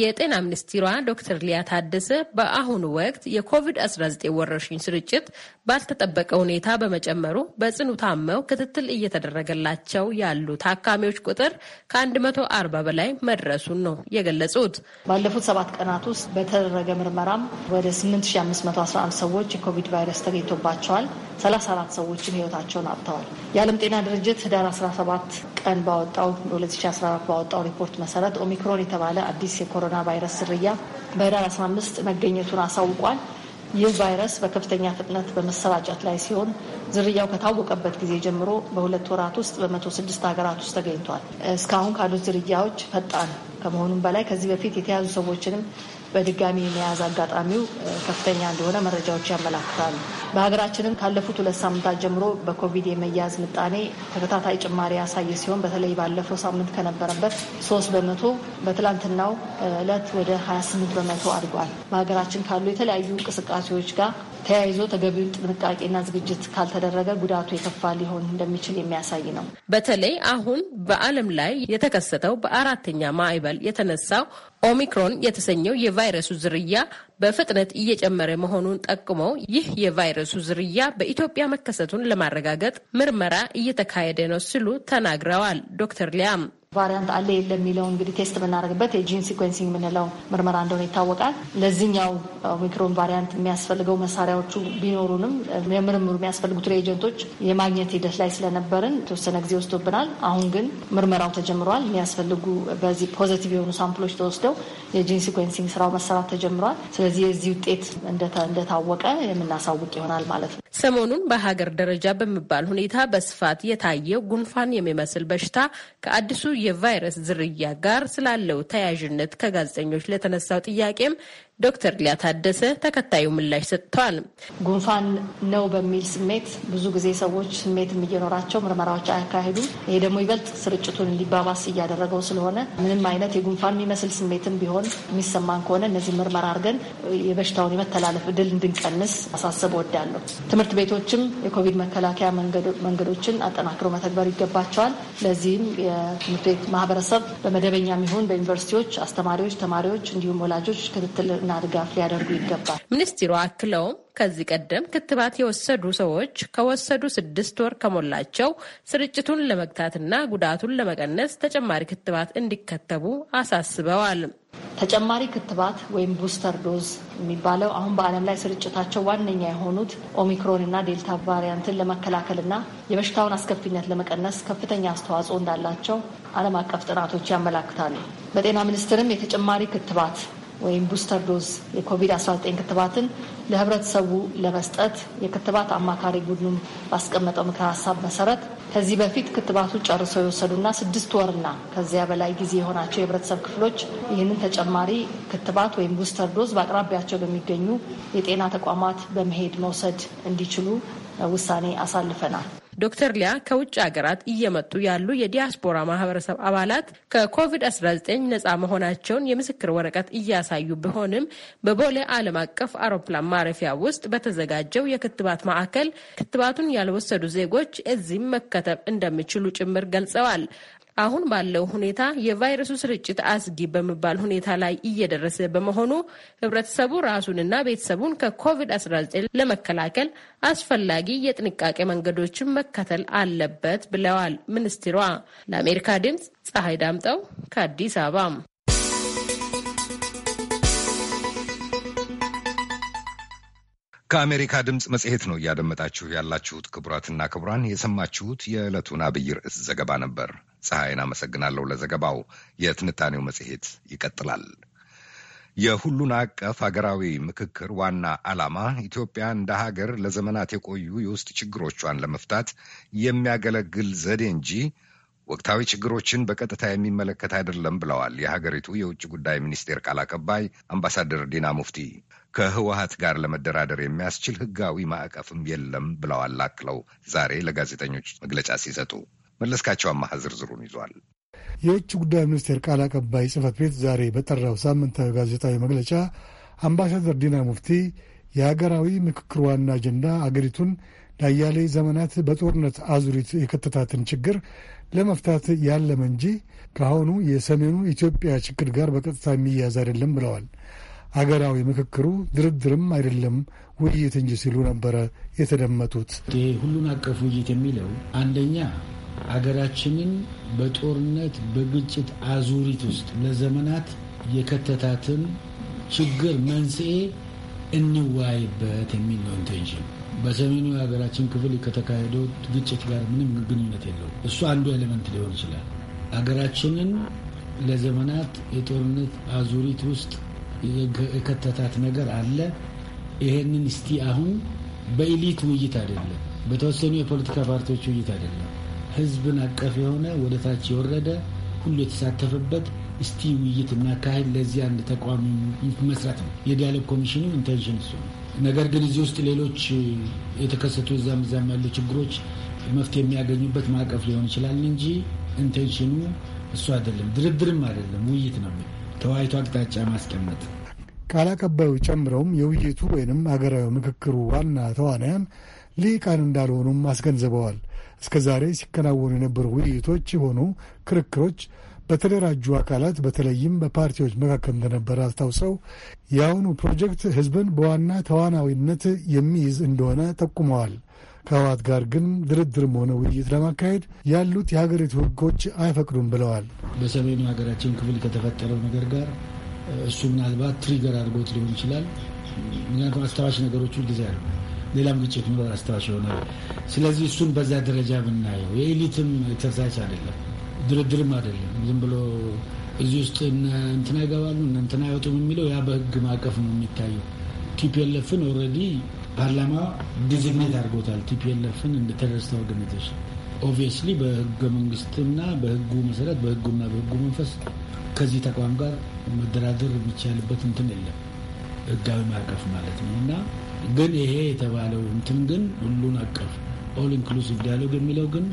የጤና ሚኒስትሯ ዶክተር ሊያ ታደሰ በአሁኑ ወቅት የኮቪድ-19 ወረርሽኝ ስርጭት ባልተጠበቀ ሁኔታ በመጨመሩ በጽኑ ታመው ክትትል እየተደረገላቸው ያሉ ታካሚዎች ቁጥር ከ140 በላይ መድረሱን ነው የገለጹት። ባለፉት ሰባት ቀናት ውስጥ በተደረገ ምርመራም ወደ 8511 ሰዎች የኮቪድ ቫይረስ ተገኝቶባቸዋል። 34 ሰዎችም ህይወታቸውን አጥተዋል። የዓለም ጤና ድርጅት ህዳር 17 ቀን ባወጣው 2014 ባወጣው ሪፖርት መሰረት ኦሚክሮን የተባለ አዲስ የኮሮና ቫይረስ ዝርያ በህዳር 15 መገኘቱን አሳውቋል። ይህ ቫይረስ በከፍተኛ ፍጥነት በመሰራጨት ላይ ሲሆን ዝርያው ከታወቀበት ጊዜ ጀምሮ በሁለት ወራት ውስጥ በመቶ ስድስት ሀገራት ውስጥ ተገኝቷል። እስካሁን ካሉት ዝርያዎች ፈጣን ከመሆኑም በላይ ከዚህ በፊት የተያዙ ሰዎችንም በድጋሚ የመያዝ አጋጣሚው ከፍተኛ እንደሆነ መረጃዎች ያመላክታሉ። በሀገራችንም ካለፉት ሁለት ሳምንታት ጀምሮ በኮቪድ የመያዝ ምጣኔ ተከታታይ ጭማሪ ያሳየ ሲሆን በተለይ ባለፈው ሳምንት ከነበረበት ሶስት በመቶ በትላንትናው እለት ወደ 28 በመቶ አድጓል። በሀገራችን ካሉ የተለያዩ እንቅስቃሴዎች ጋር ተያይዞ ተገቢውን ጥንቃቄና ዝግጅት ካልተደረገ ጉዳቱ የከፋ ሊሆን እንደሚችል የሚያሳይ ነው። በተለይ አሁን በዓለም ላይ የተከሰተው በአራተኛ ማዕበል የተነሳው ኦሚክሮን የተሰኘው የቫይረሱ ዝርያ በፍጥነት እየጨመረ መሆኑን ጠቁመው ይህ የቫይረሱ ዝርያ በኢትዮጵያ መከሰቱን ለማረጋገጥ ምርመራ እየተካሄደ ነው ሲሉ ተናግረዋል ዶክተር ሊያም ቫሪያንት አለ የለም የሚለው እንግዲህ ቴስት የምናደርግበት የጂን ሲኮንሲንግ የምንለው ምርመራ እንደሆነ ይታወቃል። ለዚህኛው ኦሚክሮን ቫሪያንት የሚያስፈልገው መሳሪያዎቹ ቢኖሩንም የምርምሩ የሚያስፈልጉት ሬጀንቶች የማግኘት ሂደት ላይ ስለነበርን የተወሰነ ጊዜ ወስዶብናል። አሁን ግን ምርመራው ተጀምሯል። የሚያስፈልጉ በዚህ ፖዘቲቭ የሆኑ ሳምፕሎች ተወስደው የጂን ሲኮንሲንግ ስራው መሰራት ተጀምሯል። ስለዚህ የዚህ ውጤት እንደታወቀ የምናሳውቅ ይሆናል ማለት ነው። ሰሞኑን በሀገር ደረጃ በሚባል ሁኔታ በስፋት የታየው ጉንፋን የሚመስል በሽታ ከአዲሱ የቫይረስ ዝርያ ጋር ስላለው ተያያዥነት ከጋዜጠኞች ለተነሳው ጥያቄም ዶክተር ሊያ ታደሰ ተከታዩ ምላሽ ሰጥተዋል። ጉንፋን ነው በሚል ስሜት ብዙ ጊዜ ሰዎች ስሜት እየኖራቸው ምርመራዎች አያካሄዱም ይሄ ደግሞ ይበልጥ ስርጭቱን እንዲባባስ እያደረገው ስለሆነ ምንም አይነት የጉንፋን የሚመስል ስሜትም ቢሆን የሚሰማን ከሆነ እነዚህ ምርመራ አድርገን የበሽታውን የመተላለፍ እድል እንድንቀንስ አሳስብ ወዳለሁ። ትምህርት ቤቶችም የኮቪድ መከላከያ መንገዶችን አጠናክሮ መተግበር ይገባቸዋል። ለዚህም የትምህርት ቤት ማህበረሰብ በመደበኛ የሚሆን በዩኒቨርሲቲዎች አስተማሪዎች፣ ተማሪዎች እንዲሁም ወላጆች ክትትል ክትትልና ድጋፍ ሊያደርጉ ይገባል። ሚኒስትሩ አክለውም ከዚህ ቀደም ክትባት የወሰዱ ሰዎች ከወሰዱ ስድስት ወር ከሞላቸው ስርጭቱን ለመግታትና ጉዳቱን ለመቀነስ ተጨማሪ ክትባት እንዲከተቡ አሳስበዋል። ተጨማሪ ክትባት ወይም ቡስተር ዶዝ የሚባለው አሁን በዓለም ላይ ስርጭታቸው ዋነኛ የሆኑት ኦሚክሮንና ዴልታ ቫሪያንትን ለመከላከልና የበሽታውን አስከፊነት ለመቀነስ ከፍተኛ አስተዋጽኦ እንዳላቸው ዓለም አቀፍ ጥናቶች ያመላክታሉ። በጤና ሚኒስቴርም የተጨማሪ ክትባት ወይም ቡስተር ዶዝ የኮቪድ-19 ክትባትን ለህብረተሰቡ ለመስጠት የክትባት አማካሪ ቡድኑም ባስቀመጠው ምክረ ሀሳብ መሰረት ከዚህ በፊት ክትባቱ ጨርሰው የወሰዱና ስድስት ወርና ከዚያ በላይ ጊዜ የሆናቸው የህብረተሰብ ክፍሎች ይህንን ተጨማሪ ክትባት ወይም ቡስተር ዶዝ በአቅራቢያቸው በሚገኙ የጤና ተቋማት በመሄድ መውሰድ እንዲችሉ ውሳኔ አሳልፈናል። ዶክተር ሊያ ከውጭ ሀገራት እየመጡ ያሉ የዲያስፖራ ማህበረሰብ አባላት ከኮቪድ-19 ነፃ መሆናቸውን የምስክር ወረቀት እያሳዩ ቢሆንም በቦሌ ዓለም አቀፍ አውሮፕላን ማረፊያ ውስጥ በተዘጋጀው የክትባት ማዕከል ክትባቱን ያልወሰዱ ዜጎች እዚህም መከተብ እንደሚችሉ ጭምር ገልጸዋል። አሁን ባለው ሁኔታ የቫይረሱ ስርጭት አስጊ በመባል ሁኔታ ላይ እየደረሰ በመሆኑ ህብረተሰቡ ራሱንና ቤተሰቡን ከኮቪድ-19 ለመከላከል አስፈላጊ የጥንቃቄ መንገዶችን መከተል አለበት ብለዋል ሚኒስትሯ። ለአሜሪካ ድምፅ ፀሐይ ዳምጠው ከአዲስ አበባ። ከአሜሪካ ድምፅ መጽሔት ነው እያደመጣችሁ ያላችሁት። ክቡራትና ክቡራን የሰማችሁት የዕለቱን አብይ ርዕስ ዘገባ ነበር። ፀሐይን አመሰግናለሁ ለዘገባው። የትንታኔው መጽሔት ይቀጥላል። የሁሉን አቀፍ ሀገራዊ ምክክር ዋና ዓላማ ኢትዮጵያ እንደ ሀገር ለዘመናት የቆዩ የውስጥ ችግሮቿን ለመፍታት የሚያገለግል ዘዴ እንጂ ወቅታዊ ችግሮችን በቀጥታ የሚመለከት አይደለም ብለዋል የሀገሪቱ የውጭ ጉዳይ ሚኒስቴር ቃል አቀባይ አምባሳደር ዲና ሙፍቲ። ከህወሀት ጋር ለመደራደር የሚያስችል ህጋዊ ማዕቀፍም የለም ብለዋል አክለው ዛሬ ለጋዜጠኞች መግለጫ ሲሰጡ መለስካቸው አማሃ ዝርዝሩን ይዟል። የውጭ ጉዳይ ሚኒስቴር ቃል አቀባይ ጽህፈት ቤት ዛሬ በጠራው ሳምንታዊ ጋዜጣዊ መግለጫ አምባሳደር ዲና ሙፍቲ የሀገራዊ ምክክር ዋና አጀንዳ አገሪቱን ለአያሌ ዘመናት በጦርነት አዙሪት የከተታትን ችግር ለመፍታት ያለመ እንጂ ከአሁኑ የሰሜኑ ኢትዮጵያ ችግር ጋር በቀጥታ የሚያዝ አይደለም ብለዋል። አገራዊ ምክክሩ ድርድርም አይደለም ውይይት እንጂ ሲሉ ነበረ የተደመጡት። ይህ ሁሉን አቀፍ ውይይት የሚለው አንደኛ አገራችንን በጦርነት በግጭት አዙሪት ውስጥ ለዘመናት የከተታትን ችግር መንስኤ እንዋይበት የሚል ነው ኢንቴንሽን። በሰሜኑ የሀገራችን ክፍል ከተካሄደው ግጭት ጋር ምንም ግንኙነት የለው እሱ አንዱ ኤሌመንት ሊሆን ይችላል። አገራችንን ለዘመናት የጦርነት አዙሪት ውስጥ የከተታት ነገር አለ። ይሄንን እስቲ አሁን በኢሊት ውይይት አይደለም፣ በተወሰኑ የፖለቲካ ፓርቲዎች ውይይት አይደለም። ህዝብን አቀፍ የሆነ ወደ ታች የወረደ ሁሉ የተሳተፈበት እስቲ ውይይት እናካሄድ፣ ለዚህ አንድ ተቋሚ መስራት ነው። የዲያሎግ ኮሚሽኑ ኢንቴንሽን እሱ ነው። ነገር ግን እዚህ ውስጥ ሌሎች የተከሰቱ እዛም እዛም ያሉ ችግሮች መፍትሄ የሚያገኙበት ማዕቀፍ ሊሆን ይችላል እንጂ ኢንቴንሽኑ እሱ አይደለም፣ ድርድርም አይደለም፣ ውይይት ነው። ተወያይቶ አቅጣጫ ማስቀመጥ ቃል አቀባዩ ጨምረውም የውይይቱ ወይንም አገራዊ ምክክሩ ዋና ተዋናያን ሊቃን እንዳልሆኑም አስገንዝበዋል። እስከ ዛሬ ሲከናወኑ የነበሩ ውይይቶች የሆኑ ክርክሮች በተደራጁ አካላት በተለይም በፓርቲዎች መካከል እንደነበረ አስታውሰው የአሁኑ ፕሮጀክት ህዝብን በዋና ተዋናዊነት የሚይዝ እንደሆነ ጠቁመዋል። ከህወሓት ጋር ግን ድርድርም ሆነ ውይይት ለማካሄድ ያሉት የሀገሪቱ ህጎች አይፈቅዱም ብለዋል። በሰሜኑ ሀገራችን ክፍል ከተፈጠረው ነገር ጋር እሱ ምናልባት ትሪገር አድርጎት ሊሆን ይችላል። ምክንያቱም አስታዋሽ ነገሮች ሁልጊዜ አሉ። ሌላም ግጭት ምኖር አስታዋሽ የሆነ ስለዚህ እሱን በዛ ደረጃ ብናየው የኤሊትም ኤክሰርሳይዝ አይደለም፣ ድርድርም አይደለም። ዝም ብሎ እዚህ ውስጥ እንትና ይገባሉ እንትና አይወጡም የሚለው ያ በህግ ማዕቀፍ ነው የሚታየው። ቲፒኤልኤፍን ኦልሬዲ ፓርላማ ዲዚግኔት አድርጎታል። ቲፒኤልኤፍን እንደ ቴሮሪስት ኦርጋናይዜሽን ኦብቪየስሊ በህገ መንግስትና በህጉ መሰረት በህጉና በህጉ መንፈስ ከዚህ ተቋም ጋር መደራደር የሚቻልበት እንትን የለም ህጋዊ ማዕቀፍ ማለት ነው። እና ግን ይሄ የተባለው እንትን ግን ሁሉን አቀፍ ኦል ኢንክሉሲቭ ዲያሎግ የሚለው ግን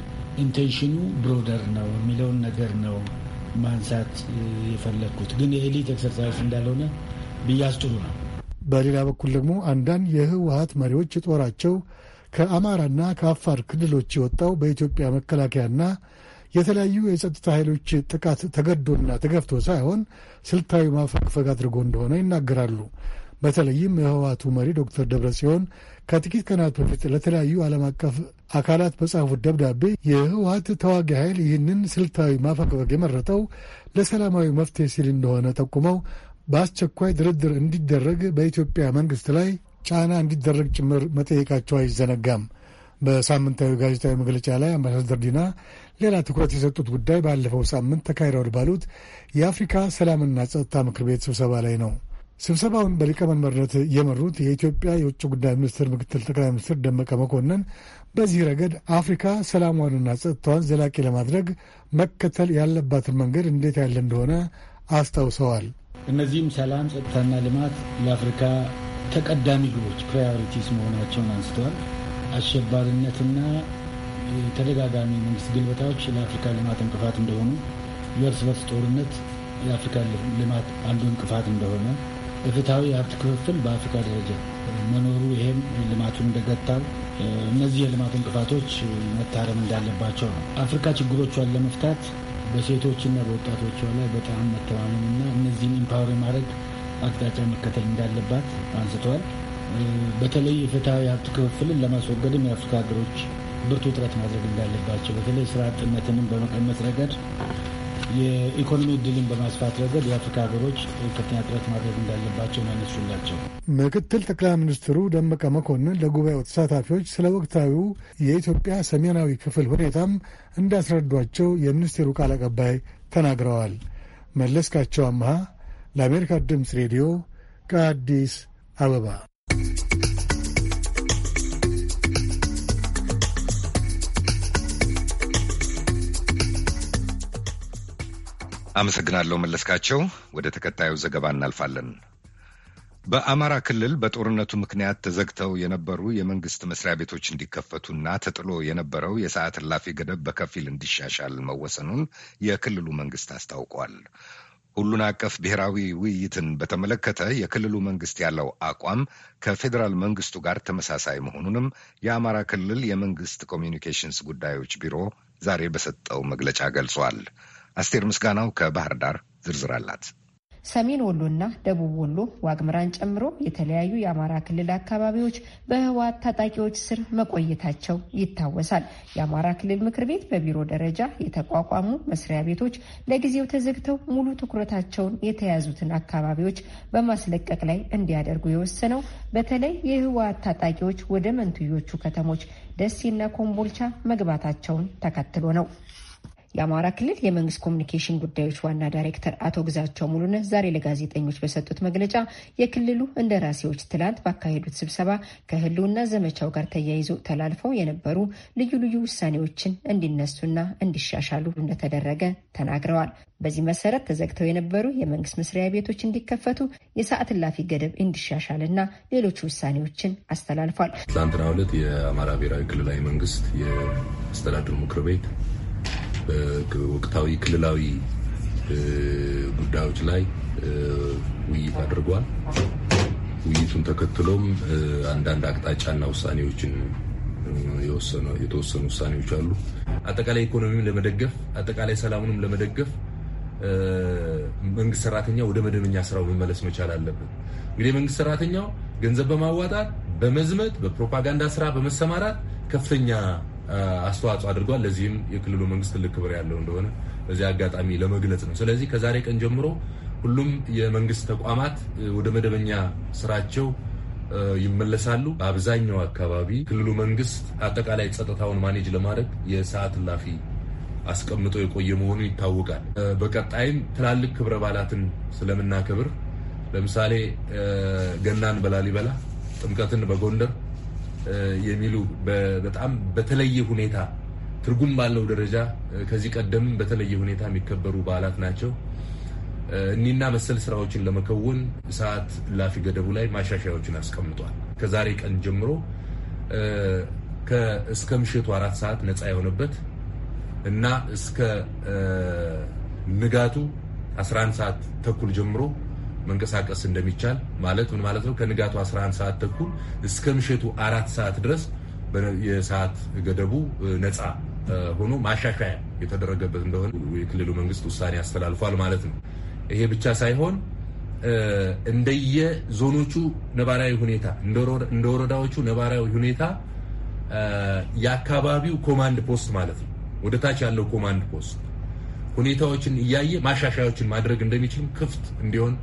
ኢንቴንሽኑ ብሮደር ነው የሚለውን ነገር ነው ማንሳት የፈለግኩት። ግን የኤሊት ኤክሰርሳይዝ እንዳልሆነ ብያስ ጥሩ ነው። በሌላ በኩል ደግሞ አንዳንድ የህወሀት መሪዎች ጦራቸው ከአማራና ከአፋር ክልሎች የወጣው በኢትዮጵያ መከላከያና የተለያዩ የጸጥታ ኃይሎች ጥቃት ተገዶና ተገፍቶ ሳይሆን ስልታዊ ማፈግፈግ አድርጎ እንደሆነ ይናገራሉ። በተለይም የህወሓቱ መሪ ዶክተር ደብረ ጽዮን ከጥቂት ቀናት በፊት ለተለያዩ ዓለም አቀፍ አካላት በጻፉት ደብዳቤ የህወሓት ተዋጊ ኃይል ይህንን ስልታዊ ማፈግፈግ የመረጠው ለሰላማዊ መፍትሄ ሲል እንደሆነ ጠቁመው በአስቸኳይ ድርድር እንዲደረግ በኢትዮጵያ መንግስት ላይ ጫና እንዲደረግ ጭምር መጠየቃቸው አይዘነጋም። በሳምንታዊ ጋዜጣዊ መግለጫ ላይ አምባሳደር ዲና ሌላ ትኩረት የሰጡት ጉዳይ ባለፈው ሳምንት ተካሂደዋል ባሉት የአፍሪካ ሰላምና ጸጥታ ምክር ቤት ስብሰባ ላይ ነው። ስብሰባውን በሊቀመንበርነት የመሩት የኢትዮጵያ የውጭ ጉዳይ ሚኒስትር ምክትል ጠቅላይ ሚኒስትር ደመቀ መኮንን በዚህ ረገድ አፍሪካ ሰላሟንና ጸጥታዋን ዘላቂ ለማድረግ መከተል ያለባትን መንገድ እንዴት ያለ እንደሆነ አስታውሰዋል። እነዚህም ሰላም፣ ጸጥታና ልማት ለአፍሪካ ተቀዳሚ ግቦች ፕራዮሪቲስ መሆናቸውን አንስተዋል። አሸባሪነትና ተደጋጋሚ መንግስት ግልበታዎች ለአፍሪካ ልማት እንቅፋት እንደሆኑ፣ የእርስ በርስ ጦርነት የአፍሪካ ልማት አንዱ እንቅፋት እንደሆነ፣ ፍትሐዊ የሀብት ክፍፍል በአፍሪካ ደረጃ መኖሩ ይሄም ልማቱን እንደገታው፣ እነዚህ የልማት እንቅፋቶች መታረም እንዳለባቸው ነው። አፍሪካ ችግሮቿን ለመፍታት በሴቶችና በወጣቶቿ ላይ በጣም መተማመንና እነዚህን ኢምፓወር ማድረግ አቅጣጫ መከተል እንዳለባት አንስተዋል። በተለይ ፍትሐዊ ሀብት ክፍፍልን ለማስወገድም የአፍሪካ ሀገሮች ብርቱ ጥረት ማድረግ እንዳለባቸው በተለይ ስራ አጥነትንም በመቀነስ ረገድ የኢኮኖሚ እድልን በማስፋት ረገድ የአፍሪካ ሀገሮች ከፍተኛ ጥረት ማድረግ እንዳለባቸው ያነሱላቸው። ምክትል ጠቅላይ ሚኒስትሩ ደመቀ መኮንን ለጉባኤው ተሳታፊዎች ስለ ወቅታዊው የኢትዮጵያ ሰሜናዊ ክፍል ሁኔታም እንዳስረዷቸው የሚኒስቴሩ ቃል አቀባይ ተናግረዋል። መለስካቸው አምሃ ለአሜሪካ ድምፅ ሬዲዮ ከአዲስ አበባ አመሰግናለሁ መለስካቸው። ወደ ተከታዩ ዘገባ እናልፋለን። በአማራ ክልል በጦርነቱ ምክንያት ተዘግተው የነበሩ የመንግስት መስሪያ ቤቶች እንዲከፈቱና ተጥሎ የነበረው የሰዓት እላፊ ገደብ በከፊል እንዲሻሻል መወሰኑን የክልሉ መንግስት አስታውቋል። ሁሉን አቀፍ ብሔራዊ ውይይትን በተመለከተ የክልሉ መንግስት ያለው አቋም ከፌዴራል መንግስቱ ጋር ተመሳሳይ መሆኑንም የአማራ ክልል የመንግስት ኮሚዩኒኬሽንስ ጉዳዮች ቢሮ ዛሬ በሰጠው መግለጫ ገልጿል። አስቴር ምስጋናው ከባህር ዳር ዝርዝር አላት። ሰሜን ወሎ እና ደቡብ ወሎ ዋግምራን ጨምሮ የተለያዩ የአማራ ክልል አካባቢዎች በህወሓት ታጣቂዎች ስር መቆየታቸው ይታወሳል። የአማራ ክልል ምክር ቤት በቢሮ ደረጃ የተቋቋሙ መስሪያ ቤቶች ለጊዜው ተዘግተው ሙሉ ትኩረታቸውን የተያዙትን አካባቢዎች በማስለቀቅ ላይ እንዲያደርጉ የወሰነው በተለይ የህወሓት ታጣቂዎች ወደ መንትዮቹ ከተሞች ደሴና ኮምቦልቻ መግባታቸውን ተከትሎ ነው። የአማራ ክልል የመንግስት ኮሚኒኬሽን ጉዳዮች ዋና ዳይሬክተር አቶ ግዛቸው ሙሉነ ዛሬ ለጋዜጠኞች በሰጡት መግለጫ የክልሉ እንደራሴዎች ትላንት ባካሄዱት ስብሰባ ከህልውና ዘመቻው ጋር ተያይዞ ተላልፈው የነበሩ ልዩ ልዩ ውሳኔዎችን እንዲነሱና እንዲሻሻሉ እንደተደረገ ተናግረዋል። በዚህ መሰረት ተዘግተው የነበሩ የመንግስት መስሪያ ቤቶች እንዲከፈቱ የሰዓት እላፊ ገደብ እንዲሻሻልና ሌሎች ውሳኔዎችን አስተላልፏል። ትላንትና ሁለት የአማራ ብሔራዊ ክልላዊ መንግስት የአስተዳደሩ ምክር ቤት በወቅታዊ ክልላዊ ጉዳዮች ላይ ውይይት አድርጓል። ውይይቱን ተከትሎም አንዳንድ አቅጣጫና ውሳኔዎችን የተወሰኑ ውሳኔዎች አሉ። አጠቃላይ ኢኮኖሚም ለመደገፍ አጠቃላይ ሰላሙንም ለመደገፍ መንግስት ሰራተኛ ወደ መደበኛ ስራው መመለስ መቻል አለበት። እንግዲህ መንግስት ሰራተኛው ገንዘብ በማዋጣት በመዝመት በፕሮፓጋንዳ ስራ በመሰማራት ከፍተኛ አስተዋጽኦ አድርጓል። ለዚህም የክልሉ መንግስት ትልቅ ክብር ያለው እንደሆነ በዚህ አጋጣሚ ለመግለጽ ነው። ስለዚህ ከዛሬ ቀን ጀምሮ ሁሉም የመንግስት ተቋማት ወደ መደበኛ ስራቸው ይመለሳሉ። በአብዛኛው አካባቢ ክልሉ መንግስት አጠቃላይ ጸጥታውን ማኔጅ ለማድረግ የሰዓት እላፊ አስቀምጦ የቆየ መሆኑ ይታወቃል። በቀጣይም ትላልቅ ክብረ በዓላትን ስለምናከብር ለምሳሌ ገናን በላሊበላ፣ ጥምቀትን በጎንደር የሚሉ በጣም በተለየ ሁኔታ ትርጉም ባለው ደረጃ ከዚህ ቀደምም በተለየ ሁኔታ የሚከበሩ በዓላት ናቸው። እኒና መሰል ስራዎችን ለመከወን ሰዓት ላፊ ገደቡ ላይ ማሻሻያዎችን አስቀምጧል። ከዛሬ ቀን ጀምሮ እስከ ምሽቱ አራት ሰዓት ነፃ የሆነበት እና እስከ ንጋቱ 11 ሰዓት ተኩል ጀምሮ መንቀሳቀስ እንደሚቻል ማለት ምን ማለት ነው? ከንጋቱ 11 ሰዓት ተኩል እስከ ምሽቱ አራት ሰዓት ድረስ የሰዓት ገደቡ ነፃ ሆኖ ማሻሻያ የተደረገበት እንደሆነ የክልሉ መንግስት ውሳኔ አስተላልፏል ማለት ነው። ይሄ ብቻ ሳይሆን እንደየ ዞኖቹ ነባራዊ ሁኔታ እንደ ወረዳዎቹ ነባራዊ ሁኔታ የአካባቢው ኮማንድ ፖስት ማለት ነው ወደ ታች ያለው ኮማንድ ፖስት ሁኔታዎችን እያየ ማሻሻያዎችን ማድረግ እንደሚችልም ክፍት እንዲሆን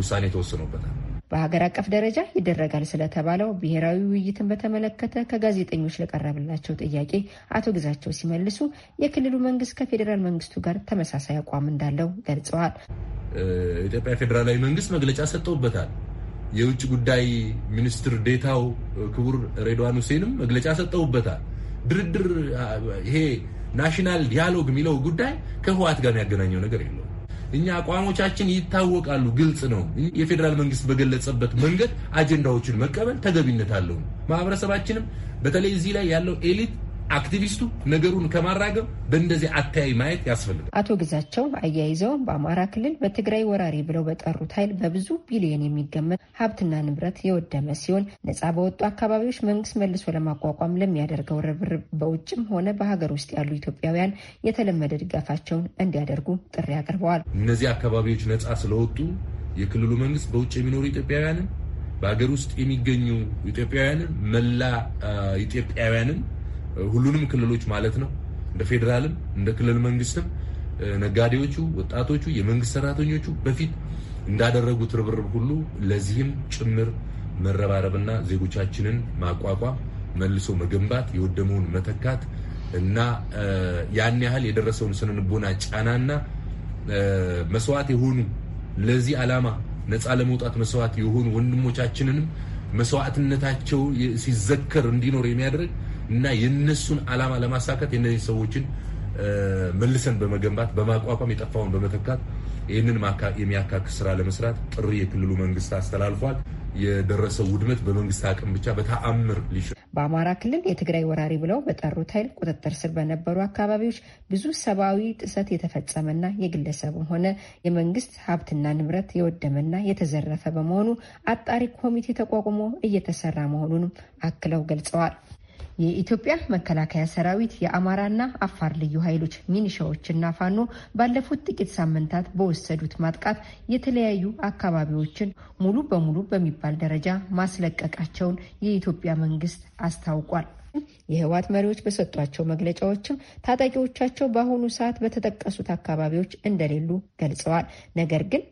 ውሳኔ የተወሰኑበታል። በሀገር አቀፍ ደረጃ ይደረጋል ስለተባለው ብሔራዊ ውይይትን በተመለከተ ከጋዜጠኞች ለቀረብላቸው ጥያቄ አቶ ግዛቸው ሲመልሱ የክልሉ መንግስት ከፌዴራል መንግስቱ ጋር ተመሳሳይ አቋም እንዳለው ገልጸዋል። ኢትዮጵያ ፌዴራላዊ መንግስት መግለጫ ሰጠውበታል። የውጭ ጉዳይ ሚኒስትር ዴታው ክቡር ሬድዋን ሁሴንም መግለጫ ሰጠውበታል። ድርድር ይሄ ናሽናል ዲያሎግ የሚለው ጉዳይ ከህወሓት ጋር የሚያገናኘው ነገር የለው እኛ አቋሞቻችን ይታወቃሉ፣ ግልጽ ነው። የፌዴራል መንግስት በገለጸበት መንገድ አጀንዳዎችን መቀበል ተገቢነት አለው። ማህበረሰባችንም በተለይ እዚህ ላይ ያለው ኤሊት አክቲቪስቱ ነገሩን ከማራገብ በእንደዚህ አተያይ ማየት ያስፈልጋል። አቶ ግዛቸው አያይዘው በአማራ ክልል በትግራይ ወራሪ ብለው በጠሩት ኃይል በብዙ ቢሊዮን የሚገመት ሀብትና ንብረት የወደመ ሲሆን ነጻ በወጡ አካባቢዎች መንግስት መልሶ ለማቋቋም ለሚያደርገው ርብርብ በውጭም ሆነ በሀገር ውስጥ ያሉ ኢትዮጵያውያን የተለመደ ድጋፋቸውን እንዲያደርጉ ጥሪ አቅርበዋል። እነዚህ አካባቢዎች ነጻ ስለወጡ የክልሉ መንግስት በውጭ የሚኖሩ ኢትዮጵያውያንን በሀገር ውስጥ የሚገኙ ኢትዮጵያውያንን መላ ኢትዮጵያውያንን ሁሉንም ክልሎች ማለት ነው እንደ ፌዴራልም እንደ ክልል መንግስትም ነጋዴዎቹ፣ ወጣቶቹ፣ የመንግስት ሰራተኞቹ በፊት እንዳደረጉት ርብርብ ሁሉ ለዚህም ጭምር መረባረብና ዜጎቻችንን ማቋቋም መልሶ መገንባት የወደመውን መተካት እና ያን ያህል የደረሰውን ስነልቦና ጫናና መስዋዕት የሆኑ ለዚህ ዓላማ ነፃ ለመውጣት መስዋዕት የሆኑ ወንድሞቻችንንም መስዋዕትነታቸው ሲዘከር እንዲኖር የሚያደርግ እና የነሱን ዓላማ ለማሳካት የነዚህ ሰዎችን መልሰን በመገንባት በማቋቋም የጠፋውን በመተካት ይህንን የሚያካክስ ስራ ለመስራት ጥሪ የክልሉ መንግስት አስተላልፏል። የደረሰው ውድመት በመንግስት አቅም ብቻ በተአምር ሊሽ በአማራ ክልል የትግራይ ወራሪ ብለው በጠሩት ኃይል ቁጥጥር ስር በነበሩ አካባቢዎች ብዙ ሰብአዊ ጥሰት የተፈጸመና የግለሰብም ሆነ የመንግስት ሀብትና ንብረት የወደመና የተዘረፈ በመሆኑ አጣሪ ኮሚቴ ተቋቁሞ እየተሰራ መሆኑንም አክለው ገልጸዋል። የኢትዮጵያ መከላከያ ሰራዊት የአማራና አፋር ልዩ ኃይሎች ሚኒሻዎችና ፋኖ ባለፉት ጥቂት ሳምንታት በወሰዱት ማጥቃት የተለያዩ አካባቢዎችን ሙሉ በሙሉ በሚባል ደረጃ ማስለቀቃቸውን የኢትዮጵያ መንግስት አስታውቋል። የህወሓት መሪዎች በሰጧቸው መግለጫዎችም ታጣቂዎቻቸው በአሁኑ ሰዓት በተጠቀሱት አካባቢዎች እንደሌሉ ገልጸዋል። ነገር ግን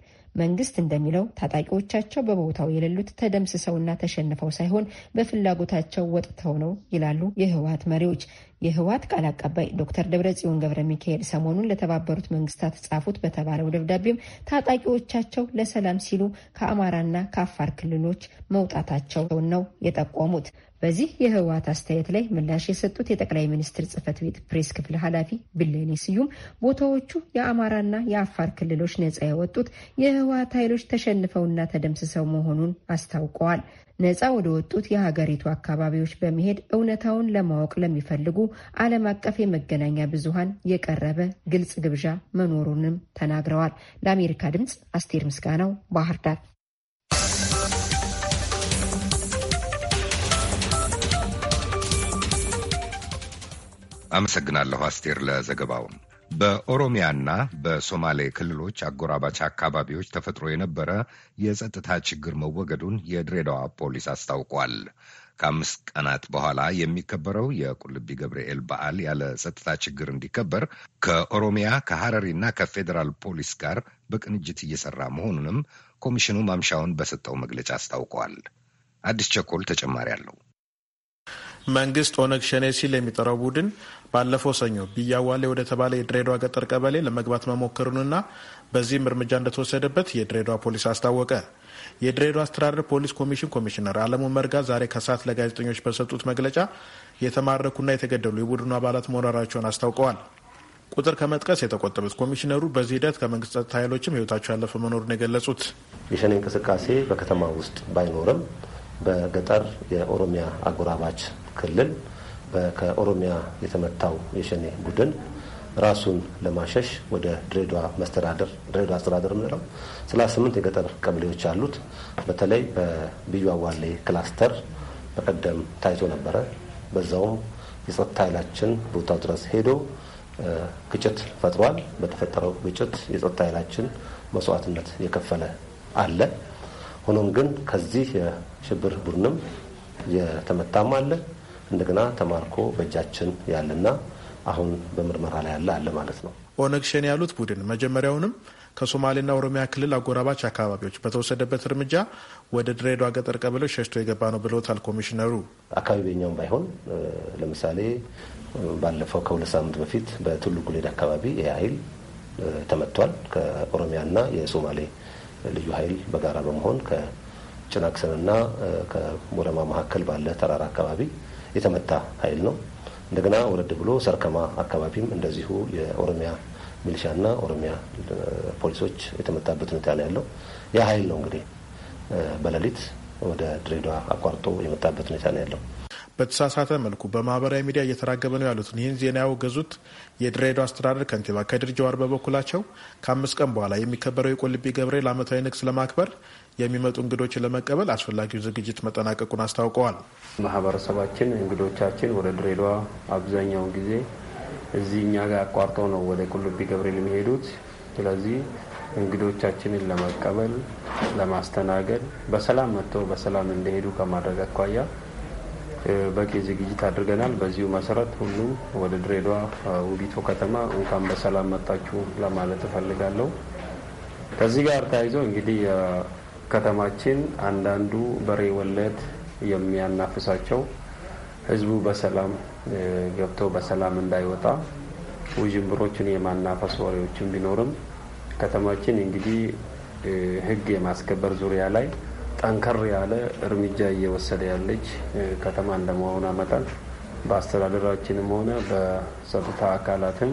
መንግስት እንደሚለው ታጣቂዎቻቸው በቦታው የሌሉት ተደምስሰውና ተሸንፈው ሳይሆን በፍላጎታቸው ወጥተው ነው ይላሉ የህወሀት መሪዎች። የህወሓት ቃል አቀባይ ዶክተር ደብረጽዮን ገብረ ሚካኤል ሰሞኑን ለተባበሩት መንግስታት ጻፉት በተባለው ደብዳቤም ታጣቂዎቻቸው ለሰላም ሲሉ ከአማራና ከአፋር ክልሎች መውጣታቸውን ነው የጠቆሙት። በዚህ የህወሓት አስተያየት ላይ ምላሽ የሰጡት የጠቅላይ ሚኒስትር ጽህፈት ቤት ፕሬስ ክፍል ኃላፊ ብሌኔ ስዩም ቦታዎቹ የአማራና የአፋር ክልሎች ነጻ የወጡት የህወሓት ኃይሎች ተሸንፈውና ተደምስሰው መሆኑን አስታውቀዋል። ነፃ ወደ ወጡት የሀገሪቱ አካባቢዎች በመሄድ እውነታውን ለማወቅ ለሚፈልጉ ዓለም አቀፍ የመገናኛ ብዙሀን የቀረበ ግልጽ ግብዣ መኖሩንም ተናግረዋል። ለአሜሪካ ድምፅ አስቴር ምስጋናው ባህር ዳር። አመሰግናለሁ አስቴር ለዘገባው። በኦሮሚያና በሶማሌ ክልሎች አጎራባች አካባቢዎች ተፈጥሮ የነበረ የጸጥታ ችግር መወገዱን የድሬዳዋ ፖሊስ አስታውቋል። ከአምስት ቀናት በኋላ የሚከበረው የቁልቢ ገብርኤል በዓል ያለ ጸጥታ ችግር እንዲከበር ከኦሮሚያ ከሐረሪና ከፌዴራል ፖሊስ ጋር በቅንጅት እየሰራ መሆኑንም ኮሚሽኑ ማምሻውን በሰጠው መግለጫ አስታውቀዋል። አዲስ ቸኮል ተጨማሪ አለው። መንግስት ኦነግ ሸኔ ሲል የሚጠራው ቡድን ባለፈው ሰኞ ቢያዋሌ ወደ ተባለ የድሬዳዋ ገጠር ቀበሌ ለመግባት መሞከሩንና በዚህም እርምጃ እንደተወሰደበት የድሬዳዋ ፖሊስ አስታወቀ። የድሬዳዋ አስተዳደር ፖሊስ ኮሚሽን ኮሚሽነር አለሙ መርጋ ዛሬ ከሰዓት ለጋዜጠኞች በሰጡት መግለጫ የተማረኩና የተገደሉ የቡድኑ አባላት መኖራቸውን አስታውቀዋል። ቁጥር ከመጥቀስ የተቆጠቡት ኮሚሽነሩ በዚህ ሂደት ከመንግስት ጸጥታ ኃይሎችም ህይወታቸው ያለፈ መኖሩን የገለጹት የሸኔ እንቅስቃሴ በከተማ ውስጥ ባይኖርም በገጠር የኦሮሚያ አጎራባች ክልል ከኦሮሚያ የተመታው የሸኔ ቡድን ራሱን ለማሸሽ ወደ ድሬዳዋ መስተዳደር ድሬዳዋ አስተዳደር የምንለው 38 የገጠር ቀበሌዎች አሉት። በተለይ በብዩ አዋሌ ክላስተር በቀደም ታይቶ ነበረ። በዛውም የጸጥታ ኃይላችን ቦታው ድረስ ሄዶ ግጭት ፈጥሯል። በተፈጠረው ግጭት የጸጥታ ኃይላችን መስዋዕትነት የከፈለ አለ። ሆኖም ግን ከዚህ ሽብር ቡድንም የተመታም አለ እንደገና ተማርኮ በእጃችን ያለና አሁን በምርመራ ላይ ያለ አለ ማለት ነው። ኦነግ ሸኔ ያሉት ቡድን መጀመሪያውንም ከሶማሌና ኦሮሚያ ክልል አጎራባች አካባቢዎች በተወሰደበት እርምጃ ወደ ድሬዳዋ ገጠር ቀበሌው ሸሽቶ የገባ ነው ብለውታል ኮሚሽነሩ። አካባቢ በኛውም ባይሆን ለምሳሌ ባለፈው ከሁለት ሳምንት በፊት በቱሉ ጉሌድ አካባቢ የኃይል ተመቷል። ከኦሮሚያና የሶማሌ ልዩ ኃይል በጋራ በመሆን ጭናክሰንና ከሞለማ መካከል ባለ ተራራ አካባቢ የተመታ ኃይል ነው። እንደገና ወረድ ብሎ ሰርከማ አካባቢም እንደዚሁ የኦሮሚያ ሚሊሻና ኦሮሚያ ፖሊሶች የተመታበት ሁኔታ ነው ያለው። ያ ኃይል ነው እንግዲህ በሌሊት ወደ ድሬዳዋ አቋርጦ የመጣበት ሁኔታ ነው ያለው። በተሳሳተ መልኩ በማህበራዊ ሚዲያ እየተራገበ ነው ያሉትን ይህን ዜና ያወገዙት የድሬዳዋ አስተዳደር ከንቲባ ከድር ጀዋር በበኩላቸው ከአምስት ቀን በኋላ የሚከበረው የቆልቢ ገብርኤል ዓመታዊ ንግስ ለማክበር የሚመጡ እንግዶችን ለመቀበል አስፈላጊው ዝግጅት መጠናቀቁን አስታውቀዋል። ማህበረሰባችን እንግዶቻችን ወደ ድሬዳዋ አብዛኛውን ጊዜ እዚህ እኛ ጋር አቋርጠው ነው ወደ ቁልቢ ገብርኤል የሚሄዱት። ስለዚህ እንግዶቻችንን ለመቀበል ለማስተናገድ በሰላም መጥተው በሰላም እንደሄዱ ከማድረግ አኳያ በቂ ዝግጅት አድርገናል። በዚሁ መሰረት ሁሉም ወደ ድሬዳዋ ውቢቶ ከተማ እንኳን በሰላም መጣችሁ ለማለት እፈልጋለሁ። ከዚህ ጋር ተያይዞ እንግዲህ ከተማችን አንዳንዱ በሬ ወለድ የሚያናፍሳቸው ህዝቡ በሰላም ገብቶ በሰላም እንዳይወጣ ውዥንብሮችን የማናፈስ ወሬዎችን ቢኖርም ከተማችን እንግዲህ ህግ የማስከበር ዙሪያ ላይ ጠንከር ያለ እርምጃ እየወሰደ ያለች ከተማ እንደመሆኗ መጠን በአስተዳደራችንም ሆነ በጸጥታ አካላትም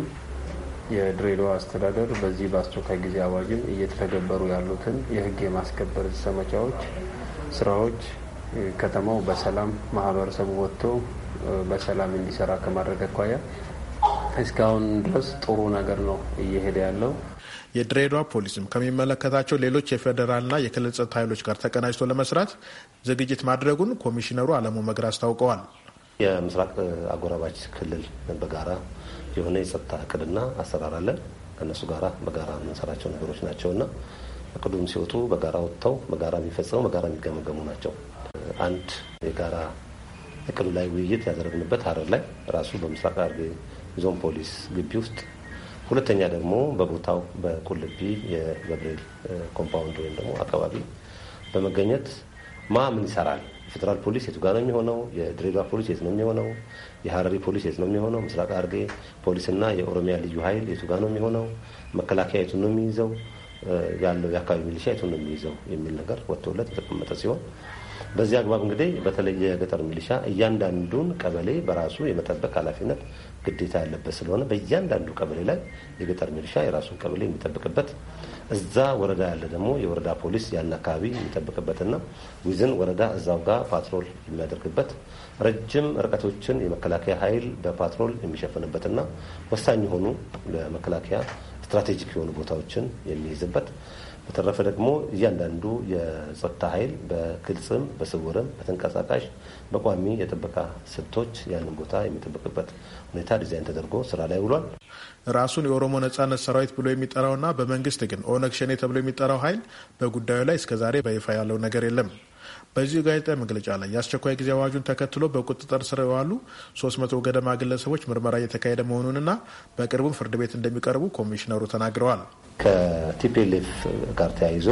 የድሬዳዋ አስተዳደር በዚህ በአስቸኳይ ጊዜ አዋጅም እየተተገበሩ ያሉትን የህግ የማስከበር ዘመቻዎች፣ ስራዎች ከተማው በሰላም ማህበረሰቡ ወጥቶ በሰላም እንዲሰራ ከማድረግ አኳያ እስካሁን ድረስ ጥሩ ነገር ነው እየሄደ ያለው። የድሬዳዋ ፖሊስም ከሚመለከታቸው ሌሎች የፌዴራልና የክልል ጸጥታ ኃይሎች ጋር ተቀናጅቶ ለመስራት ዝግጅት ማድረጉን ኮሚሽነሩ አለሙ መግር አስታውቀዋል። የምስራቅ አጎራባች ክልል በጋራ የሆነ የጸጥታ እቅድና አሰራር አለ። ከእነሱ ጋራ በጋራ የምንሰራቸው ነገሮች ናቸው እና እቅዱም ሲወጡ በጋራ ወጥተው በጋራ የሚፈጽሙ በጋራ የሚገመገሙ ናቸው። አንድ የጋራ እቅዱ ላይ ውይይት ያደረግንበት ሀረር ላይ ራሱ በምስራቅ ሐረርጌ ዞን ፖሊስ ግቢ ውስጥ፣ ሁለተኛ ደግሞ በቦታው በቁልቢ የገብርኤል ኮምፓውንድ ወይም ደግሞ አካባቢ በመገኘት ማ ምን ይሰራል የፌዴራል ፖሊስ የቱ ጋር ነው የሚሆነው? የድሬዳዋ ፖሊስ የት ነው የሚሆነው? የሀረሪ ፖሊስ የት ነው የሚሆነው? ምስራቅ ሐረርጌ ፖሊስና የኦሮሚያ ልዩ ኃይል የቱ ጋር ነው የሚሆነው? መከላከያ የቱ ነው የሚይዘው? ያለው የአካባቢ ሚሊሻ የቱ ነው የሚይዘው? የሚል ነገር ወጥቶለት የተቀመጠ ሲሆን በዚህ አግባብ እንግዲህ በተለይ የገጠር ሚሊሻ እያንዳንዱን ቀበሌ በራሱ የመጠበቅ ኃላፊነት ግዴታ ያለበት ስለሆነ በእያንዳንዱ ቀበሌ ላይ የገጠር ሚሊሻ የራሱን ቀበሌ የሚጠብቅበት እዛ ወረዳ ያለ ደግሞ የወረዳ ፖሊስ ያን አካባቢ የሚጠብቅበትና ዊዝን ወረዳ እዛው ጋር ፓትሮል የሚያደርግበት ረጅም ርቀቶችን የመከላከያ ኃይል በፓትሮል የሚሸፍንበትና ወሳኝ የሆኑ ለመከላከያ ስትራቴጂክ የሆኑ ቦታዎችን የሚይዝበት በተረፈ ደግሞ እያንዳንዱ የጸጥታ ኃይል በግልጽም በስውርም በተንቀሳቃሽ በቋሚ የጥበቃ ስልቶች ያንን ቦታ የሚጠብቅበት ሁኔታ ዲዛይን ተደርጎ ስራ ላይ ውሏል። ራሱን የኦሮሞ ነጻነት ሰራዊት ብሎ የሚጠራውና በመንግስት ግን ኦነግ ሸኔ ተብሎ የሚጠራው ኃይል በጉዳዩ ላይ እስከዛሬ በይፋ ያለው ነገር የለም። በዚሁ ጋዜጣ መግለጫ ላይ የአስቸኳይ ጊዜ አዋጁን ተከትሎ በቁጥጥር ስር የዋሉ 300 ገደማ ግለሰቦች ምርመራ እየተካሄደ መሆኑንና በቅርቡም ፍርድ ቤት እንደሚቀርቡ ኮሚሽነሩ ተናግረዋል። ከቲፒኤልኤፍ ጋር ተያይዞ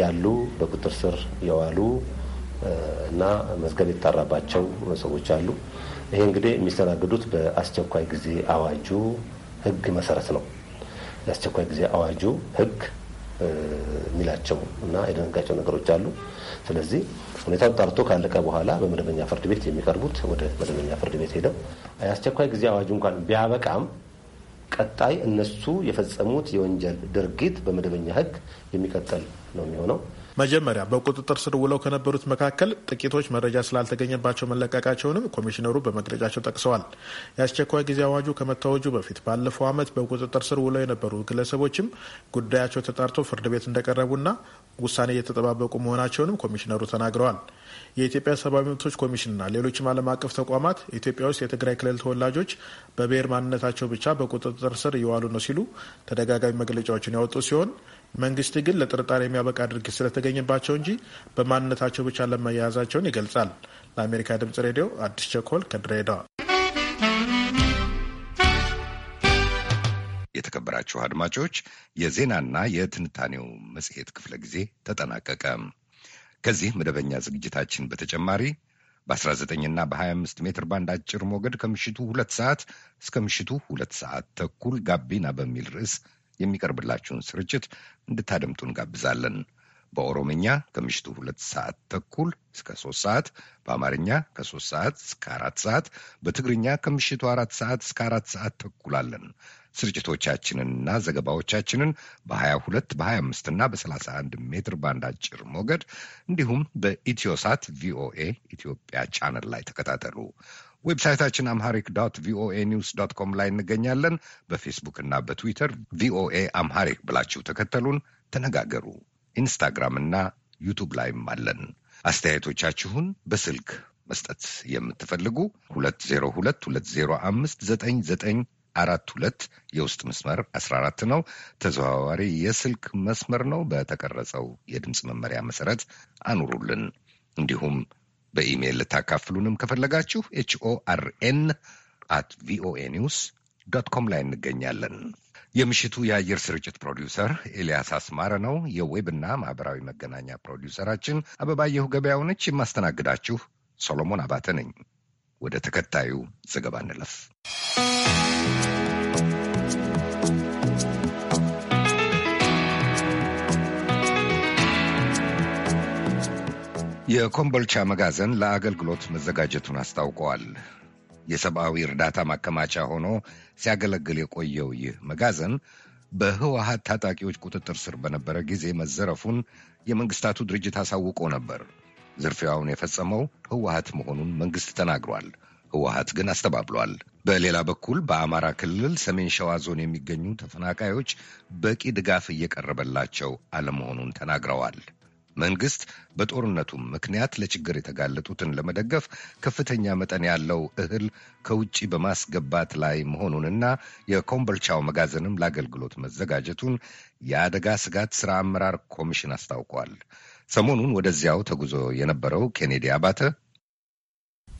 ያሉ በቁጥር ስር የዋሉ እና መዝገብ የተጣራባቸው ሰዎች አሉ። ይሄ እንግዲህ የሚስተናግዱት በአስቸኳይ ጊዜ አዋጁ ህግ መሰረት ነው። የአስቸኳይ ጊዜ አዋጁ ህግ የሚላቸው እና የደነጋቸው ነገሮች አሉ። ስለዚህ ሁኔታው ጣርቶ ካለቀ በኋላ በመደበኛ ፍርድ ቤት የሚቀርቡት ወደ መደበኛ ፍርድ ቤት ሄደው የአስቸኳይ ጊዜ አዋጁ እንኳን ቢያበቃም ቀጣይ እነሱ የፈጸሙት የወንጀል ድርጊት በመደበኛ ሕግ የሚቀጠል ነው የሚሆነው። መጀመሪያ በቁጥጥር ስር ውለው ከነበሩት መካከል ጥቂቶች መረጃ ስላልተገኘባቸው መለቀቃቸውንም ኮሚሽነሩ በመግለጫቸው ጠቅሰዋል። የአስቸኳይ ጊዜ አዋጁ ከመታወጁ በፊት ባለፈው ዓመት በቁጥጥር ስር ውለው የነበሩ ግለሰቦችም ጉዳያቸው ተጣርቶ ፍርድ ቤት እንደቀረቡና ውሳኔ እየተጠባበቁ መሆናቸውንም ኮሚሽነሩ ተናግረዋል። የኢትዮጵያ ሰብአዊ መብቶች ኮሚሽንና ሌሎችም ዓለም አቀፍ ተቋማት ኢትዮጵያ ውስጥ የትግራይ ክልል ተወላጆች በብሔር ማንነታቸው ብቻ በቁጥጥር ስር እየዋሉ ነው ሲሉ ተደጋጋሚ መግለጫዎችን ያወጡ ሲሆን መንግስት ግን ለጥርጣሬ የሚያበቃ ድርጊት ስለተገኘባቸው እንጂ በማንነታቸው ብቻ ለመያያዛቸውን ይገልጻል። ለአሜሪካ ድምጽ ሬዲዮ አዲስ ቸኮል ከድሬዳዋ የተከበራችሁ አድማጮች የዜናና የትንታኔው መጽሔት ክፍለ ጊዜ ተጠናቀቀ። ከዚህ መደበኛ ዝግጅታችን በተጨማሪ በ19ና በ25 ሜትር ባንድ አጭር ሞገድ ከምሽቱ ሁለት ሰዓት እስከ ምሽቱ ሁለት ሰዓት ተኩል ጋቢና በሚል ርዕስ የሚቀርብላችሁን ስርጭት እንድታደምጡ እንጋብዛለን። በኦሮምኛ ከምሽቱ ሁለት ሰዓት ተኩል እስከ ሶስት ሰዓት በአማርኛ ከሶስት ሰዓት እስከ አራት ሰዓት በትግርኛ ከምሽቱ አራት ሰዓት እስከ አራት ሰዓት ተኩል አለን። ስርጭቶቻችንንና ዘገባዎቻችንን በ22 በ25 እና በ31 ሜትር ባንድ አጭር ሞገድ እንዲሁም በኢትዮሳት ቪኦኤ ኢትዮጵያ ቻነል ላይ ተከታተሉ። ዌብሳይታችን አምሃሪክ ዶት ቪኦኤ ኒውስ ዶት ኮም ላይ እንገኛለን። በፌስቡክ እና በትዊተር ቪኦኤ አምሃሪክ ብላችሁ ተከተሉን፣ ተነጋገሩ። ኢንስታግራም እና ዩቱብ ላይም አለን። አስተያየቶቻችሁን በስልክ መስጠት የምትፈልጉ 2022059942 የውስጥ መስመር 14 ነው። ተዘዋዋሪ የስልክ መስመር ነው። በተቀረጸው የድምፅ መመሪያ መሰረት አኑሩልን። እንዲሁም በኢሜይል ልታካፍሉንም ከፈለጋችሁ ኤችኦአርኤን አት ቪኦኤ ኒውስ ዶት ኮም ላይ እንገኛለን። የምሽቱ የአየር ስርጭት ፕሮዲውሰር ኤልያስ አስማረ ነው። የዌብና ማህበራዊ መገናኛ ፕሮዲውሰራችን አበባየሁ ገበያው ነች። የማስተናግዳችሁ ሶሎሞን አባተ ነኝ። ወደ ተከታዩ ዘገባ እንለፍ። የኮምቦልቻ መጋዘን ለአገልግሎት መዘጋጀቱን አስታውቀዋል። የሰብአዊ እርዳታ ማከማቻ ሆኖ ሲያገለግል የቆየው ይህ መጋዘን በህወሀት ታጣቂዎች ቁጥጥር ስር በነበረ ጊዜ መዘረፉን የመንግስታቱ ድርጅት አሳውቆ ነበር። ዝርፊያውን የፈጸመው ህወሀት መሆኑን መንግስት ተናግሯል። ህወሀት ግን አስተባብሏል። በሌላ በኩል በአማራ ክልል ሰሜን ሸዋ ዞን የሚገኙ ተፈናቃዮች በቂ ድጋፍ እየቀረበላቸው አለመሆኑን ተናግረዋል። መንግስት በጦርነቱ ምክንያት ለችግር የተጋለጡትን ለመደገፍ ከፍተኛ መጠን ያለው እህል ከውጭ በማስገባት ላይ መሆኑንና የኮምበልቻው መጋዘንም ለአገልግሎት መዘጋጀቱን የአደጋ ስጋት ሥራ አመራር ኮሚሽን አስታውቋል። ሰሞኑን ወደዚያው ተጉዞ የነበረው ኬኔዲ አባተ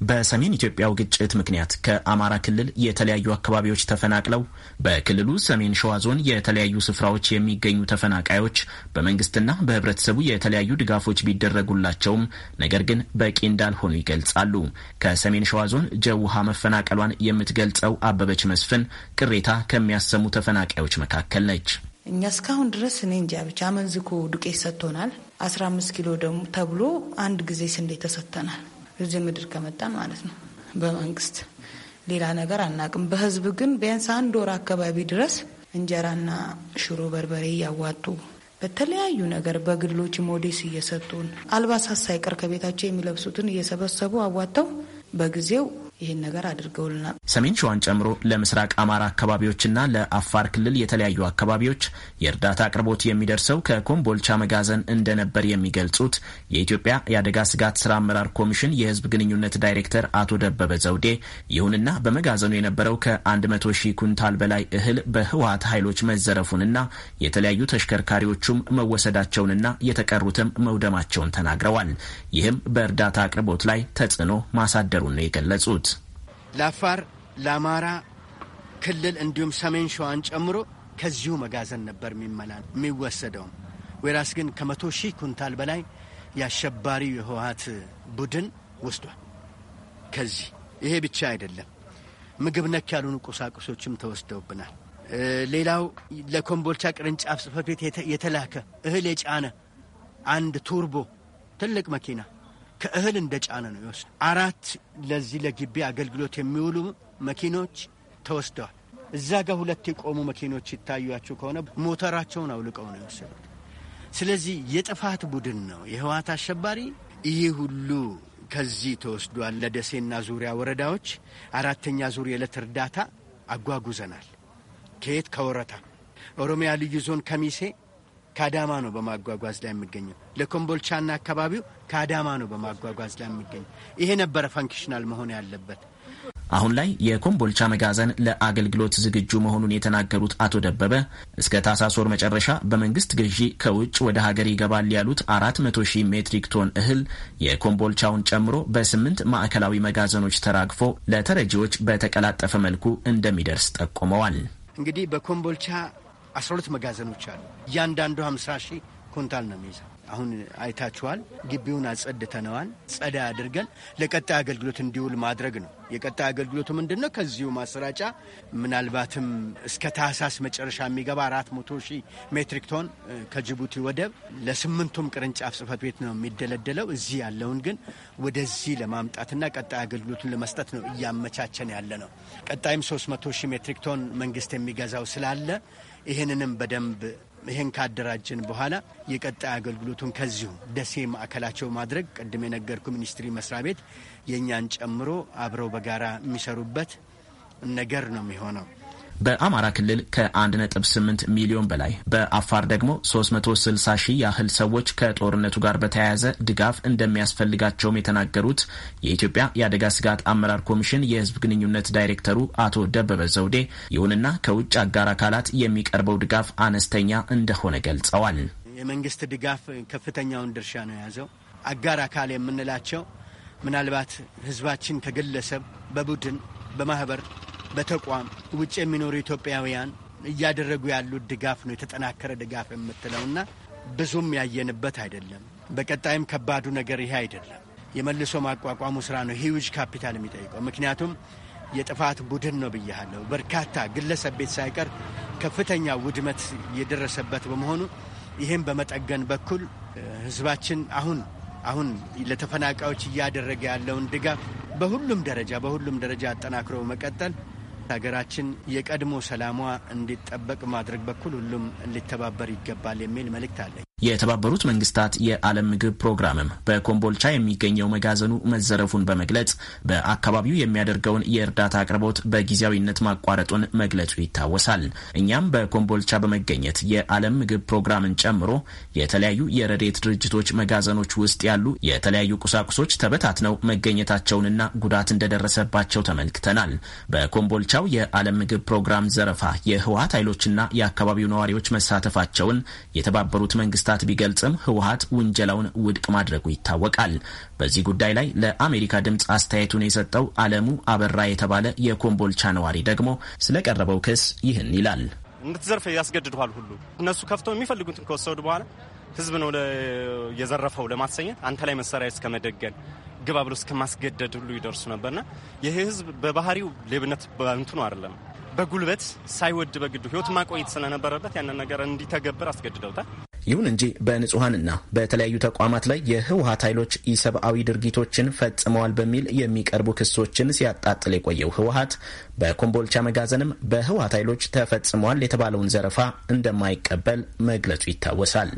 በሰሜን ኢትዮጵያው ግጭት ምክንያት ከአማራ ክልል የተለያዩ አካባቢዎች ተፈናቅለው በክልሉ ሰሜን ሸዋ ዞን የተለያዩ ስፍራዎች የሚገኙ ተፈናቃዮች በመንግስትና በህብረተሰቡ የተለያዩ ድጋፎች ቢደረጉላቸውም ነገር ግን በቂ እንዳልሆኑ ይገልጻሉ። ከሰሜን ሸዋ ዞን ጀውሃ መፈናቀሏን የምትገልጸው አበበች መስፍን ቅሬታ ከሚያሰሙ ተፈናቃዮች መካከል ነች። እኛ እስካሁን ድረስ እኔ እንጃ ብቻ አመንዝኮ ዱቄት ሰጥቶናል። አስራ አምስት ኪሎ ደግሞ ተብሎ አንድ ጊዜ ስንዴ ተሰጥተናል። እዚህ ምድር ከመጣን ማለት ነው። በመንግስት ሌላ ነገር አናቅም። በህዝብ ግን ቢያንስ አንድ ወር አካባቢ ድረስ እንጀራና ሽሮ በርበሬ እያዋጡ በተለያዩ ነገር በግሎች ሞዴስ እየሰጡን አልባሳት ሳይቀር ከቤታቸው የሚለብሱትን እየሰበሰቡ አዋጥተው በጊዜው ይህን ነገር አድርገውልናል። ሰሜን ሸዋን ጨምሮ ለምስራቅ አማራ አካባቢዎችና ለአፋር ክልል የተለያዩ አካባቢዎች የእርዳታ አቅርቦት የሚደርሰው ከኮምቦልቻ መጋዘን እንደነበር የሚገልጹት የኢትዮጵያ የአደጋ ስጋት ስራ አመራር ኮሚሽን የህዝብ ግንኙነት ዳይሬክተር አቶ ደበበ ዘውዴ፣ ይሁንና በመጋዘኑ የነበረው ከ100 ሺህ ኩንታል በላይ እህል በህወሀት ኃይሎች መዘረፉንና የተለያዩ ተሽከርካሪዎቹም መወሰዳቸውንና የተቀሩትም መውደማቸውን ተናግረዋል። ይህም በእርዳታ አቅርቦት ላይ ተጽዕኖ ማሳደሩን ነው የገለጹት። ለአፋር፣ ለአማራ ክልል እንዲሁም ሰሜን ሸዋን ጨምሮ ከዚሁ መጋዘን ነበር የሚወሰደውም። ወይራስ ግን ከመቶ ሺህ ኩንታል በላይ የአሸባሪው የህወሀት ቡድን ወስዷል። ከዚህ ይሄ ብቻ አይደለም፣ ምግብ ነክ ያልሆኑ ቁሳቁሶችም ተወስደውብናል። ሌላው ለኮምቦልቻ ቅርንጫፍ ጽህፈት ቤት የተላከ እህል የጫነ አንድ ቱርቦ ትልቅ መኪና ከእህል እንደ ጫነ ነው ይወስድ። አራት ለዚህ ለግቢ አገልግሎት የሚውሉ መኪኖች ተወስደዋል። እዛ ጋር ሁለት የቆሙ መኪኖች ይታያችሁ ከሆነ ሞተራቸውን አውልቀው ነው የወሰዱት። ስለዚህ የጥፋት ቡድን ነው የህወሓት አሸባሪ። ይህ ሁሉ ከዚህ ተወስዷል። ለደሴና ዙሪያ ወረዳዎች አራተኛ ዙር የዕለት እርዳታ አጓጉዘናል። ከየት ከወረታ ኦሮሚያ ልዩ ዞን ከሚሴ ከአዳማ ነው በማጓጓዝ ላይ የሚገኘው። ለኮምቦልቻና አካባቢው ከአዳማ ነው በማጓጓዝ ላይ የሚገኘው። ይሄ ነበረ ፈንክሽናል መሆን ያለበት። አሁን ላይ የኮምቦልቻ መጋዘን ለአገልግሎት ዝግጁ መሆኑን የተናገሩት አቶ ደበበ እስከ ታህሳስ ወር መጨረሻ በመንግስት ገዢ ከውጭ ወደ ሀገር ይገባል ያሉት አራት መቶ ሺህ ሜትሪክ ቶን እህል የኮምቦልቻውን ጨምሮ በስምንት ማዕከላዊ መጋዘኖች ተራግፎ ለተረጂዎች በተቀላጠፈ መልኩ እንደሚደርስ ጠቁመዋል። እንግዲህ በኮምቦልቻ 12 መጋዘኖች አሉ። እያንዳንዱ 50 ሺህ ኩንታል ነው የሚይዘው። አሁን አይታችኋል። ግቢውን አጸድተነዋል። ጸዳ አድርገን ለቀጣይ አገልግሎት እንዲውል ማድረግ ነው። የቀጣይ አገልግሎቱ ምንድን ነው? ከዚሁ ማሰራጫ ምናልባትም እስከ ታህሳስ መጨረሻ የሚገባ አራት መቶ ሺህ ሜትሪክ ቶን ከጅቡቲ ወደብ ለስምንቱም ቅርንጫፍ ጽህፈት ቤት ነው የሚደለደለው። እዚህ ያለውን ግን ወደዚህ ለማምጣትና ቀጣይ አገልግሎቱን ለመስጠት ነው እያመቻቸን ያለ ነው። ቀጣይም ሶስት መቶ ሺህ ሜትሪክ ቶን መንግስት የሚገዛው ስላለ ይህንንም በደንብ ይህን ካደራጀን በኋላ የቀጣይ አገልግሎቱን ከዚሁ ደሴ ማዕከላቸው ማድረግ ቅድም የነገርኩ ሚኒስትሪ መስሪያ ቤት የእኛን ጨምሮ አብረው በጋራ የሚሰሩበት ነገር ነው የሚሆነው። በአማራ ክልል ከ1.8 ሚሊዮን በላይ በአፋር ደግሞ 360 ሺህ ያህል ሰዎች ከጦርነቱ ጋር በተያያዘ ድጋፍ እንደሚያስፈልጋቸውም የተናገሩት የኢትዮጵያ የአደጋ ስጋት አመራር ኮሚሽን የህዝብ ግንኙነት ዳይሬክተሩ አቶ ደበበ ዘውዴ፣ ይሁንና ከውጭ አጋር አካላት የሚቀርበው ድጋፍ አነስተኛ እንደሆነ ገልጸዋል። የመንግስት ድጋፍ ከፍተኛውን ድርሻ ነው የያዘው። አጋር አካል የምንላቸው ምናልባት ህዝባችን ከግለሰብ በቡድን በማህበር በተቋም ውጭ የሚኖሩ ኢትዮጵያውያን እያደረጉ ያሉት ድጋፍ ነው የተጠናከረ ድጋፍ የምትለውና ብዙም ያየንበት አይደለም። በቀጣይም ከባዱ ነገር ይሄ አይደለም፣ የመልሶ ማቋቋሙ ስራ ነው ሂውጅ ካፒታል የሚጠይቀው። ምክንያቱም የጥፋት ቡድን ነው ብያለሁ። በርካታ ግለሰብ ቤት ሳይቀር ከፍተኛ ውድመት የደረሰበት በመሆኑ ይህም በመጠገን በኩል ህዝባችን አሁን አሁን ለተፈናቃዮች እያደረገ ያለውን ድጋፍ በሁሉም ደረጃ በሁሉም ደረጃ አጠናክሮ መቀጠል ሀገራችን የቀድሞ ሰላሟ እንዲጠበቅ ማድረግ በኩል ሁሉም ሊተባበር ይገባል የሚል መልእክት አለኝ። የተባበሩት መንግስታት የዓለም ምግብ ፕሮግራምም በኮምቦልቻ የሚገኘው መጋዘኑ መዘረፉን በመግለጽ በአካባቢው የሚያደርገውን የእርዳታ አቅርቦት በጊዜያዊነት ማቋረጡን መግለጹ ይታወሳል። እኛም በኮምቦልቻ በመገኘት የዓለም ምግብ ፕሮግራምን ጨምሮ የተለያዩ የረዴት ድርጅቶች መጋዘኖች ውስጥ ያሉ የተለያዩ ቁሳቁሶች ተበታትነው መገኘታቸውንና ጉዳት እንደደረሰባቸው ተመልክተናል። በኮምቦልቻ በሌላው የዓለም ምግብ ፕሮግራም ዘረፋ የህወሀት ኃይሎችና የአካባቢው ነዋሪዎች መሳተፋቸውን የተባበሩት መንግስታት ቢገልጽም ህወሀት ውንጀላውን ውድቅ ማድረጉ ይታወቃል። በዚህ ጉዳይ ላይ ለአሜሪካ ድምፅ አስተያየቱን የሰጠው አለሙ አበራ የተባለ የኮምቦልቻ ነዋሪ ደግሞ ስለቀረበው ክስ ይህን ይላል። እንድትዘርፍ ያስገድድኋል ሁሉ እነሱ ከፍተው የሚፈልጉትን ከወሰዱ በኋላ ህዝብ ነው የዘረፈው ለማሰኘት አንተ ላይ መሳሪያ እስከመደገን ግባ እስከ ማስገደድ ሁሉ ይደርሱ ነበርና ይህ ህዝብ በባህሪው ሌብነት በእንትኑ አይደለም በጉልበት ሳይወድ በግዱ ህይወት ማቆየት ስለነበረበት ያንን ነገር እንዲተገብር አስገድደውታል። ይሁን እንጂ በንጹሐንና በተለያዩ ተቋማት ላይ የህወሀት ኃይሎች ኢሰብአዊ ድርጊቶችን ፈጽመዋል በሚል የሚቀርቡ ክሶችን ሲያጣጥል የቆየው ህወሀት በኮምቦልቻ መጋዘንም በህወሀት ኃይሎች ተፈጽመዋል የተባለውን ዘረፋ እንደማይቀበል መግለጹ ይታወሳል።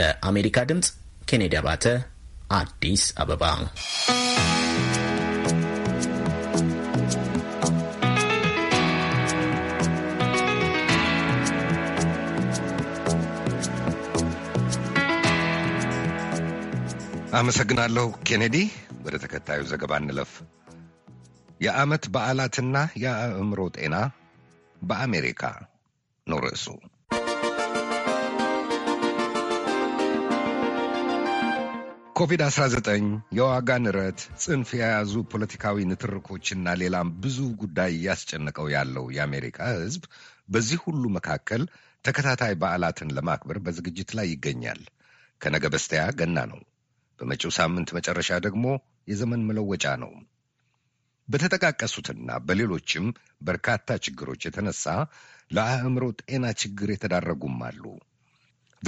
ለአሜሪካ ድምፅ ኬኔዲ አባተ አዲስ አበባ። አመሰግናለሁ ኬኔዲ። ወደ ተከታዩ ዘገባ እንለፍ። የዓመት በዓላትና የአእምሮ ጤና በአሜሪካ ነው ርዕሱ። ኮቪድ-19፣ የዋጋ ንረት፣ ጽንፍ የያዙ ፖለቲካዊ ንትርኮችና ሌላም ብዙ ጉዳይ እያስጨነቀው ያለው የአሜሪካ ሕዝብ በዚህ ሁሉ መካከል ተከታታይ በዓላትን ለማክበር በዝግጅት ላይ ይገኛል። ከነገ በስቲያ ገና ነው። በመጪው ሳምንት መጨረሻ ደግሞ የዘመን መለወጫ ነው። በተጠቃቀሱትና በሌሎችም በርካታ ችግሮች የተነሳ ለአእምሮ ጤና ችግር የተዳረጉም አሉ።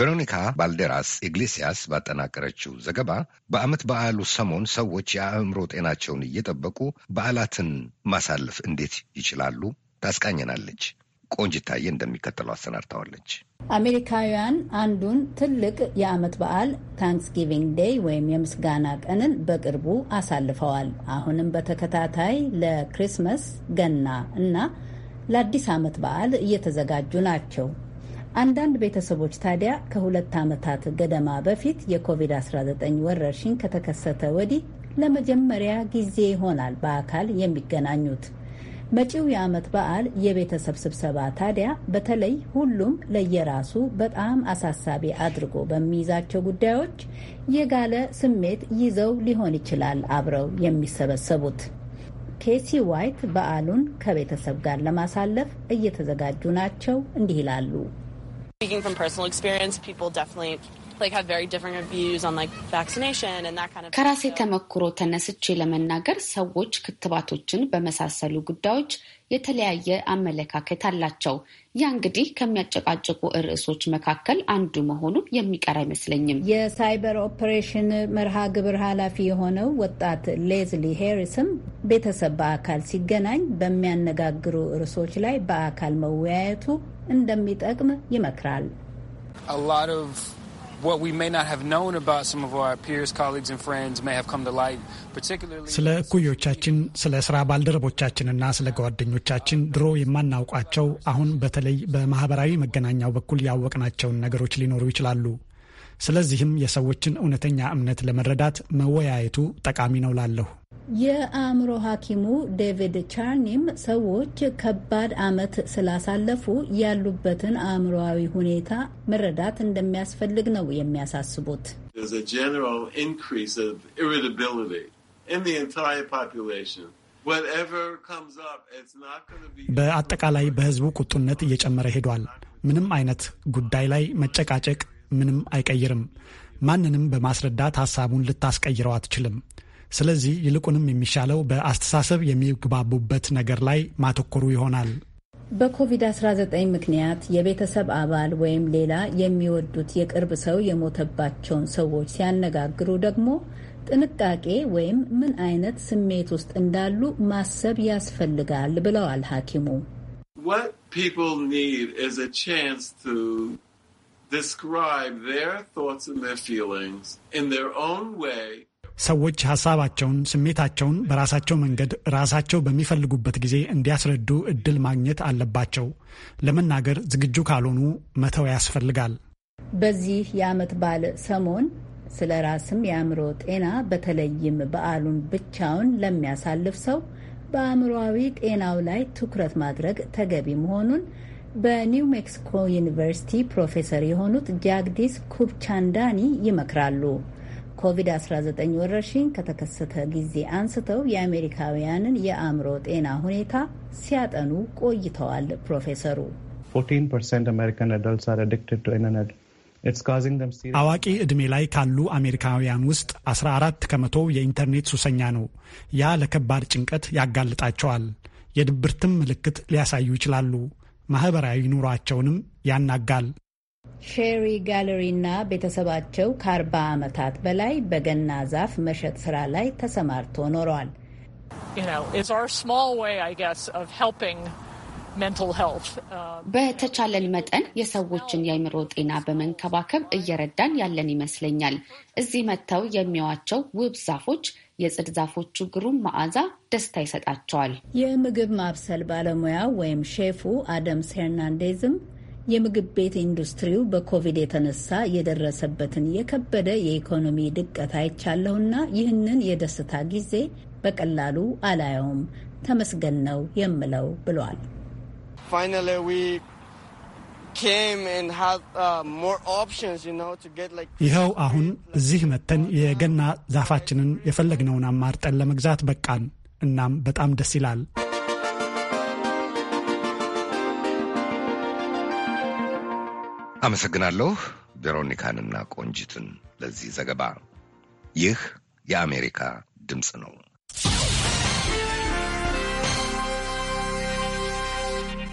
ቬሮኒካ ባልዴራስ ኢግሌሲያስ ባጠናቀረችው ዘገባ በዓመት በዓሉ ሰሞን ሰዎች የአእምሮ ጤናቸውን እየጠበቁ በዓላትን ማሳለፍ እንዴት ይችላሉ? ታስቃኘናለች። ቆንጅታዬ እንደሚከተለው አሰናድተዋለች። አሜሪካውያን አንዱን ትልቅ የዓመት በዓል ታንክስጊቪንግ ዴይ ወይም የምስጋና ቀንን በቅርቡ አሳልፈዋል። አሁንም በተከታታይ ለክሪስመስ፣ ገና እና ለአዲስ ዓመት በዓል እየተዘጋጁ ናቸው። አንዳንድ ቤተሰቦች ታዲያ ከሁለት ዓመታት ገደማ በፊት የኮቪድ-19 ወረርሽኝ ከተከሰተ ወዲህ ለመጀመሪያ ጊዜ ይሆናል በአካል የሚገናኙት። መጪው የዓመት በዓል የቤተሰብ ስብሰባ ታዲያ በተለይ ሁሉም ለየራሱ በጣም አሳሳቢ አድርጎ በሚይዛቸው ጉዳዮች የጋለ ስሜት ይዘው ሊሆን ይችላል አብረው የሚሰበሰቡት። ኬሲ ዋይት በዓሉን ከቤተሰብ ጋር ለማሳለፍ እየተዘጋጁ ናቸው። እንዲህ ይላሉ። Speaking from personal experience, people definitely like like have very different views on vaccination and that kind of ከራሴ ተመክሮ ተነስቼ ለመናገር ሰዎች ክትባቶችን በመሳሰሉ ጉዳዮች የተለያየ አመለካከት አላቸው። ያ እንግዲህ ከሚያጨቃጭቁ ርዕሶች መካከል አንዱ መሆኑ የሚቀር አይመስለኝም። የሳይበር ኦፕሬሽን መርሃ ግብር ኃላፊ የሆነው ወጣት ሌዝሊ ሄሪስም ቤተሰብ በአካል ሲገናኝ በሚያነጋግሩ ርዕሶች ላይ በአካል መወያየቱ እንደሚጠቅም ይመክራል። ስለ እኩዮቻችን፣ ስለ ስራ ባልደረቦቻችንና ስለ ጓደኞቻችን ድሮ የማናውቋቸው አሁን በተለይ በማህበራዊ መገናኛው በኩል ያወቅናቸውን ነገሮች ሊኖሩ ይችላሉ። ስለዚህም የሰዎችን እውነተኛ እምነት ለመረዳት መወያየቱ ጠቃሚ ነው ላለሁ። የአእምሮ ሐኪሙ ዴቪድ ቻርኒም ሰዎች ከባድ ዓመት ስላሳለፉ ያሉበትን አእምሮዊ ሁኔታ መረዳት እንደሚያስፈልግ ነው የሚያሳስቡት። በአጠቃላይ በህዝቡ ቁጡነት እየጨመረ ሄዷል። ምንም አይነት ጉዳይ ላይ መጨቃጨቅ ምንም አይቀይርም። ማንንም በማስረዳት ሀሳቡን ልታስቀይረው አትችልም። ስለዚህ ይልቁንም የሚሻለው በአስተሳሰብ የሚግባቡበት ነገር ላይ ማተኮሩ ይሆናል። በኮቪድ-19 ምክንያት የቤተሰብ አባል ወይም ሌላ የሚወዱት የቅርብ ሰው የሞተባቸውን ሰዎች ሲያነጋግሩ ደግሞ ጥንቃቄ ወይም ምን አይነት ስሜት ውስጥ እንዳሉ ማሰብ ያስፈልጋል ብለዋል ሐኪሙ። describe their thoughts and their feelings in their own way. ሰዎች ሀሳባቸውን፣ ስሜታቸውን በራሳቸው መንገድ ራሳቸው በሚፈልጉበት ጊዜ እንዲያስረዱ እድል ማግኘት አለባቸው። ለመናገር ዝግጁ ካልሆኑ መተው ያስፈልጋል። በዚህ የዓመት በዓል ሰሞን ስለ ራስም የአእምሮ ጤና በተለይም በዓሉን ብቻውን ለሚያሳልፍ ሰው በአእምሮዊ ጤናው ላይ ትኩረት ማድረግ ተገቢ መሆኑን በኒው ሜክሲኮ ዩኒቨርሲቲ ፕሮፌሰር የሆኑት ጃግዲስ ኩብቻንዳኒ ይመክራሉ። ኮቪድ-19 ወረርሽኝ ከተከሰተ ጊዜ አንስተው የአሜሪካውያንን የአእምሮ ጤና ሁኔታ ሲያጠኑ ቆይተዋል። ፕሮፌሰሩ አዋቂ ዕድሜ ላይ ካሉ አሜሪካውያን ውስጥ 14 ከመቶ የኢንተርኔት ሱሰኛ ነው። ያ ለከባድ ጭንቀት ያጋልጣቸዋል። የድብርትም ምልክት ሊያሳዩ ይችላሉ። ማህበራዊ ኑሯቸውንም ያናጋል። ሼሪ ጋለሪና ቤተሰባቸው ከአርባ ዓመታት በላይ በገና ዛፍ መሸጥ ስራ ላይ ተሰማርቶ ኖረዋል። uh, በተቻለን መጠን የሰዎችን የአእምሮ ጤና በመንከባከብ እየረዳን ያለን ይመስለኛል። እዚህ መጥተው የሚያዋቸው ውብ ዛፎች የጽድ ዛፎቹ ግሩም መዓዛ ደስታ ይሰጣቸዋል። የምግብ ማብሰል ባለሙያ ወይም ሼፉ አደምስ ሄርናንዴዝም የምግብ ቤት ኢንዱስትሪው በኮቪድ የተነሳ የደረሰበትን የከበደ የኢኮኖሚ ድቀት አይቻለሁና ይህንን የደስታ ጊዜ በቀላሉ አላየውም፣ ተመስገን ነው የምለው ብሏል። Uh, ይኸው አሁን እዚህ መተን የገና ዛፋችንን የፈለግነውን አማርጠን ለመግዛት በቃን። እናም በጣም ደስ ይላል። አመሰግናለሁ ቬሮኒካንና ቆንጂትን ለዚህ ዘገባ። ይህ የአሜሪካ ድምፅ ነው።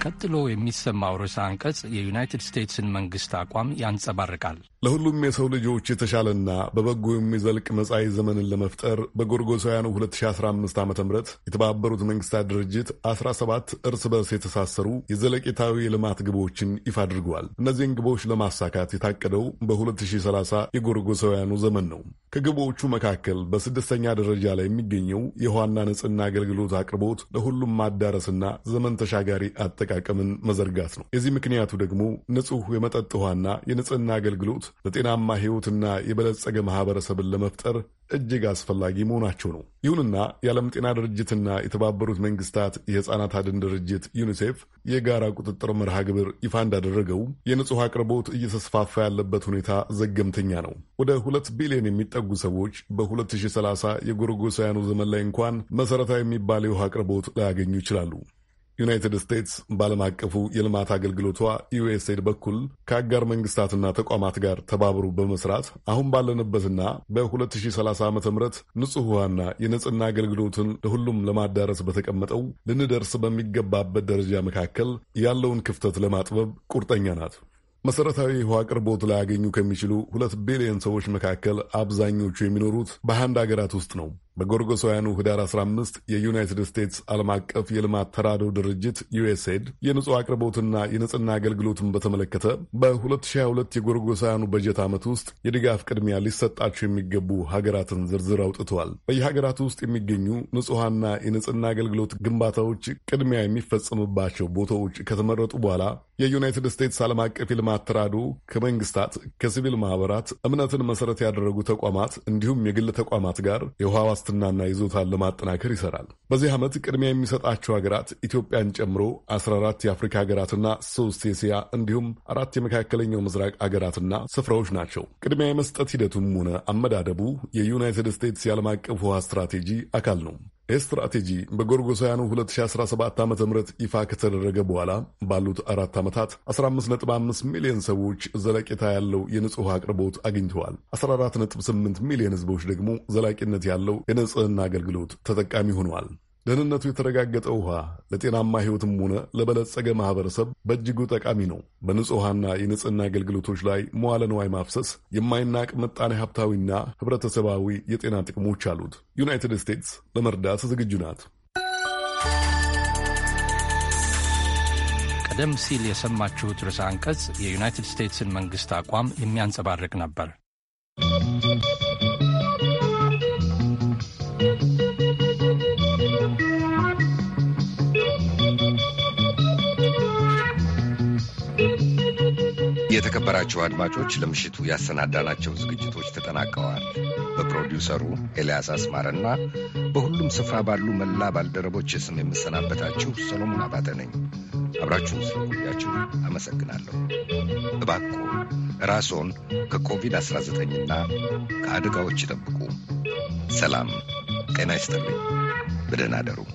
ቀጥሎ የሚሰማው ርዕሰ አንቀጽ የዩናይትድ ስቴትስን መንግሥት አቋም ያንጸባርቃል። ለሁሉም የሰው ልጆች የተሻለና በበጎ የሚዘልቅ መጻኢ ዘመንን ለመፍጠር በጎርጎሳውያኑ 2015 ዓ ም የተባበሩት መንግስታት ድርጅት 17 እርስ በርስ የተሳሰሩ የዘለቄታዊ የልማት ግቦችን ይፋ አድርገዋል። እነዚህን ግቦች ለማሳካት የታቀደው በ2030 የጎርጎሳውያኑ ዘመን ነው። ከግቦቹ መካከል በስድስተኛ ደረጃ ላይ የሚገኘው የውሃና ንጽህና አገልግሎት አቅርቦት ለሁሉም ማዳረስና ዘመን ተሻጋሪ አጠቃቀምን መዘርጋት ነው። የዚህ ምክንያቱ ደግሞ ንጹህ የመጠጥ ውሃና የንጽህና አገልግሎት ለጤናማ ሕይወትና የበለጸገ ማህበረሰብን ለመፍጠር እጅግ አስፈላጊ መሆናቸው ነው። ይሁንና የዓለም ጤና ድርጅትና የተባበሩት መንግስታት የሕፃናት አድን ድርጅት ዩኒሴፍ የጋራ ቁጥጥር መርሃ ግብር ይፋ እንዳደረገው የንጹሕ አቅርቦት እየተስፋፋ ያለበት ሁኔታ ዘገምተኛ ነው። ወደ ሁለት ቢሊዮን የሚጠጉ ሰዎች በ2030 የጎርጎሳውያኑ ዘመን ላይ እንኳን መሠረታዊ የሚባል የውሃ አቅርቦት ላያገኙ ይችላሉ። ዩናይትድ ስቴትስ በዓለም አቀፉ የልማት አገልግሎቷ ዩኤስኤድ በኩል ከአጋር መንግስታትና ተቋማት ጋር ተባብሮ በመስራት አሁን ባለንበትና በ2030 ዓ ም ንጹህ ውሃና የንጽህና አገልግሎትን ለሁሉም ለማዳረስ በተቀመጠው ልንደርስ በሚገባበት ደረጃ መካከል ያለውን ክፍተት ለማጥበብ ቁርጠኛ ናት። መሠረታዊ የውሃ አቅርቦት ላያገኙ ከሚችሉ ሁለት ቢሊዮን ሰዎች መካከል አብዛኞቹ የሚኖሩት በአንድ አገራት ውስጥ ነው። በጎርጎሳውያኑ ህዳር 15 የዩናይትድ ስቴትስ ዓለም አቀፍ የልማት ተራዶ ድርጅት ዩኤስኤድ የንጹሕ አቅርቦትና የንጽህና አገልግሎትን በተመለከተ በ2022 የጎርጎሳውያኑ በጀት ዓመት ውስጥ የድጋፍ ቅድሚያ ሊሰጣቸው የሚገቡ ሀገራትን ዝርዝር አውጥተዋል። በየሀገራቱ ውስጥ የሚገኙ ንጹሐና የንጽህና አገልግሎት ግንባታዎች ቅድሚያ የሚፈጸምባቸው ቦታዎች ከተመረጡ በኋላ የዩናይትድ ስቴትስ ዓለም አቀፍ የልማት ተራድኦ ከመንግስታት፣ ከሲቪል ማህበራት፣ እምነትን መሰረት ያደረጉ ተቋማት እንዲሁም የግል ተቋማት ጋር የውሃ ዋስትናና ይዞታን ለማጠናከር ይሰራል። በዚህ ዓመት ቅድሚያ የሚሰጣቸው ሀገራት ኢትዮጵያን ጨምሮ 14 የአፍሪካ ሀገራትና ሶስት የእስያ እንዲሁም አራት የመካከለኛው ምስራቅ ሀገራትና ስፍራዎች ናቸው። ቅድሚያ የመስጠት ሂደቱም ሆነ አመዳደቡ የዩናይትድ ስቴትስ የዓለም አቀፍ ውሃ ስትራቴጂ አካል ነው። ኤስትራቴጂ በጎርጎሳውያኑ 2017 ዓ ም ይፋ ከተደረገ በኋላ ባሉት አራት ዓመታት 155 ሚሊዮን ሰዎች ዘላቂታ ያለው የንጹሕ አቅርቦት አግኝተዋል። 148 ሚሊዮን ህዝቦች ደግሞ ዘላቂነት ያለው የንጽህና አገልግሎት ተጠቃሚ ሆነዋል። ደህንነቱ የተረጋገጠ ውሃ ለጤናማ ሕይወትም ሆነ ለበለጸገ ማህበረሰብ በእጅጉ ጠቃሚ ነው። በንጹህ ውሃና የንጽህና አገልግሎቶች ላይ መዋለ ንዋይ ማፍሰስ የማይናቅ ምጣኔ ሀብታዊና ህብረተሰባዊ የጤና ጥቅሞች አሉት። ዩናይትድ ስቴትስ ለመርዳት ዝግጁ ናት። ቀደም ሲል የሰማችሁት ርዕሰ አንቀጽ የዩናይትድ ስቴትስን መንግሥት አቋም የሚያንጸባርቅ ነበር። የተከበራችሁ አድማጮች ለምሽቱ ያሰናዳናቸው ዝግጅቶች ተጠናቀዋል። በፕሮዲውሰሩ ኤልያስ አስማረና በሁሉም ስፍራ ባሉ መላ ባልደረቦች ስም የምሰናበታችሁ ሰሎሞን አባተ ነኝ። አብራችሁን ስለቆያችሁ አመሰግናለሁ። እባክዎ ራስዎን ከኮቪድ-19ና ከአደጋዎች ይጠብቁ። ሰላም ጤና ይስጥልኝ። በደህና አደሩ።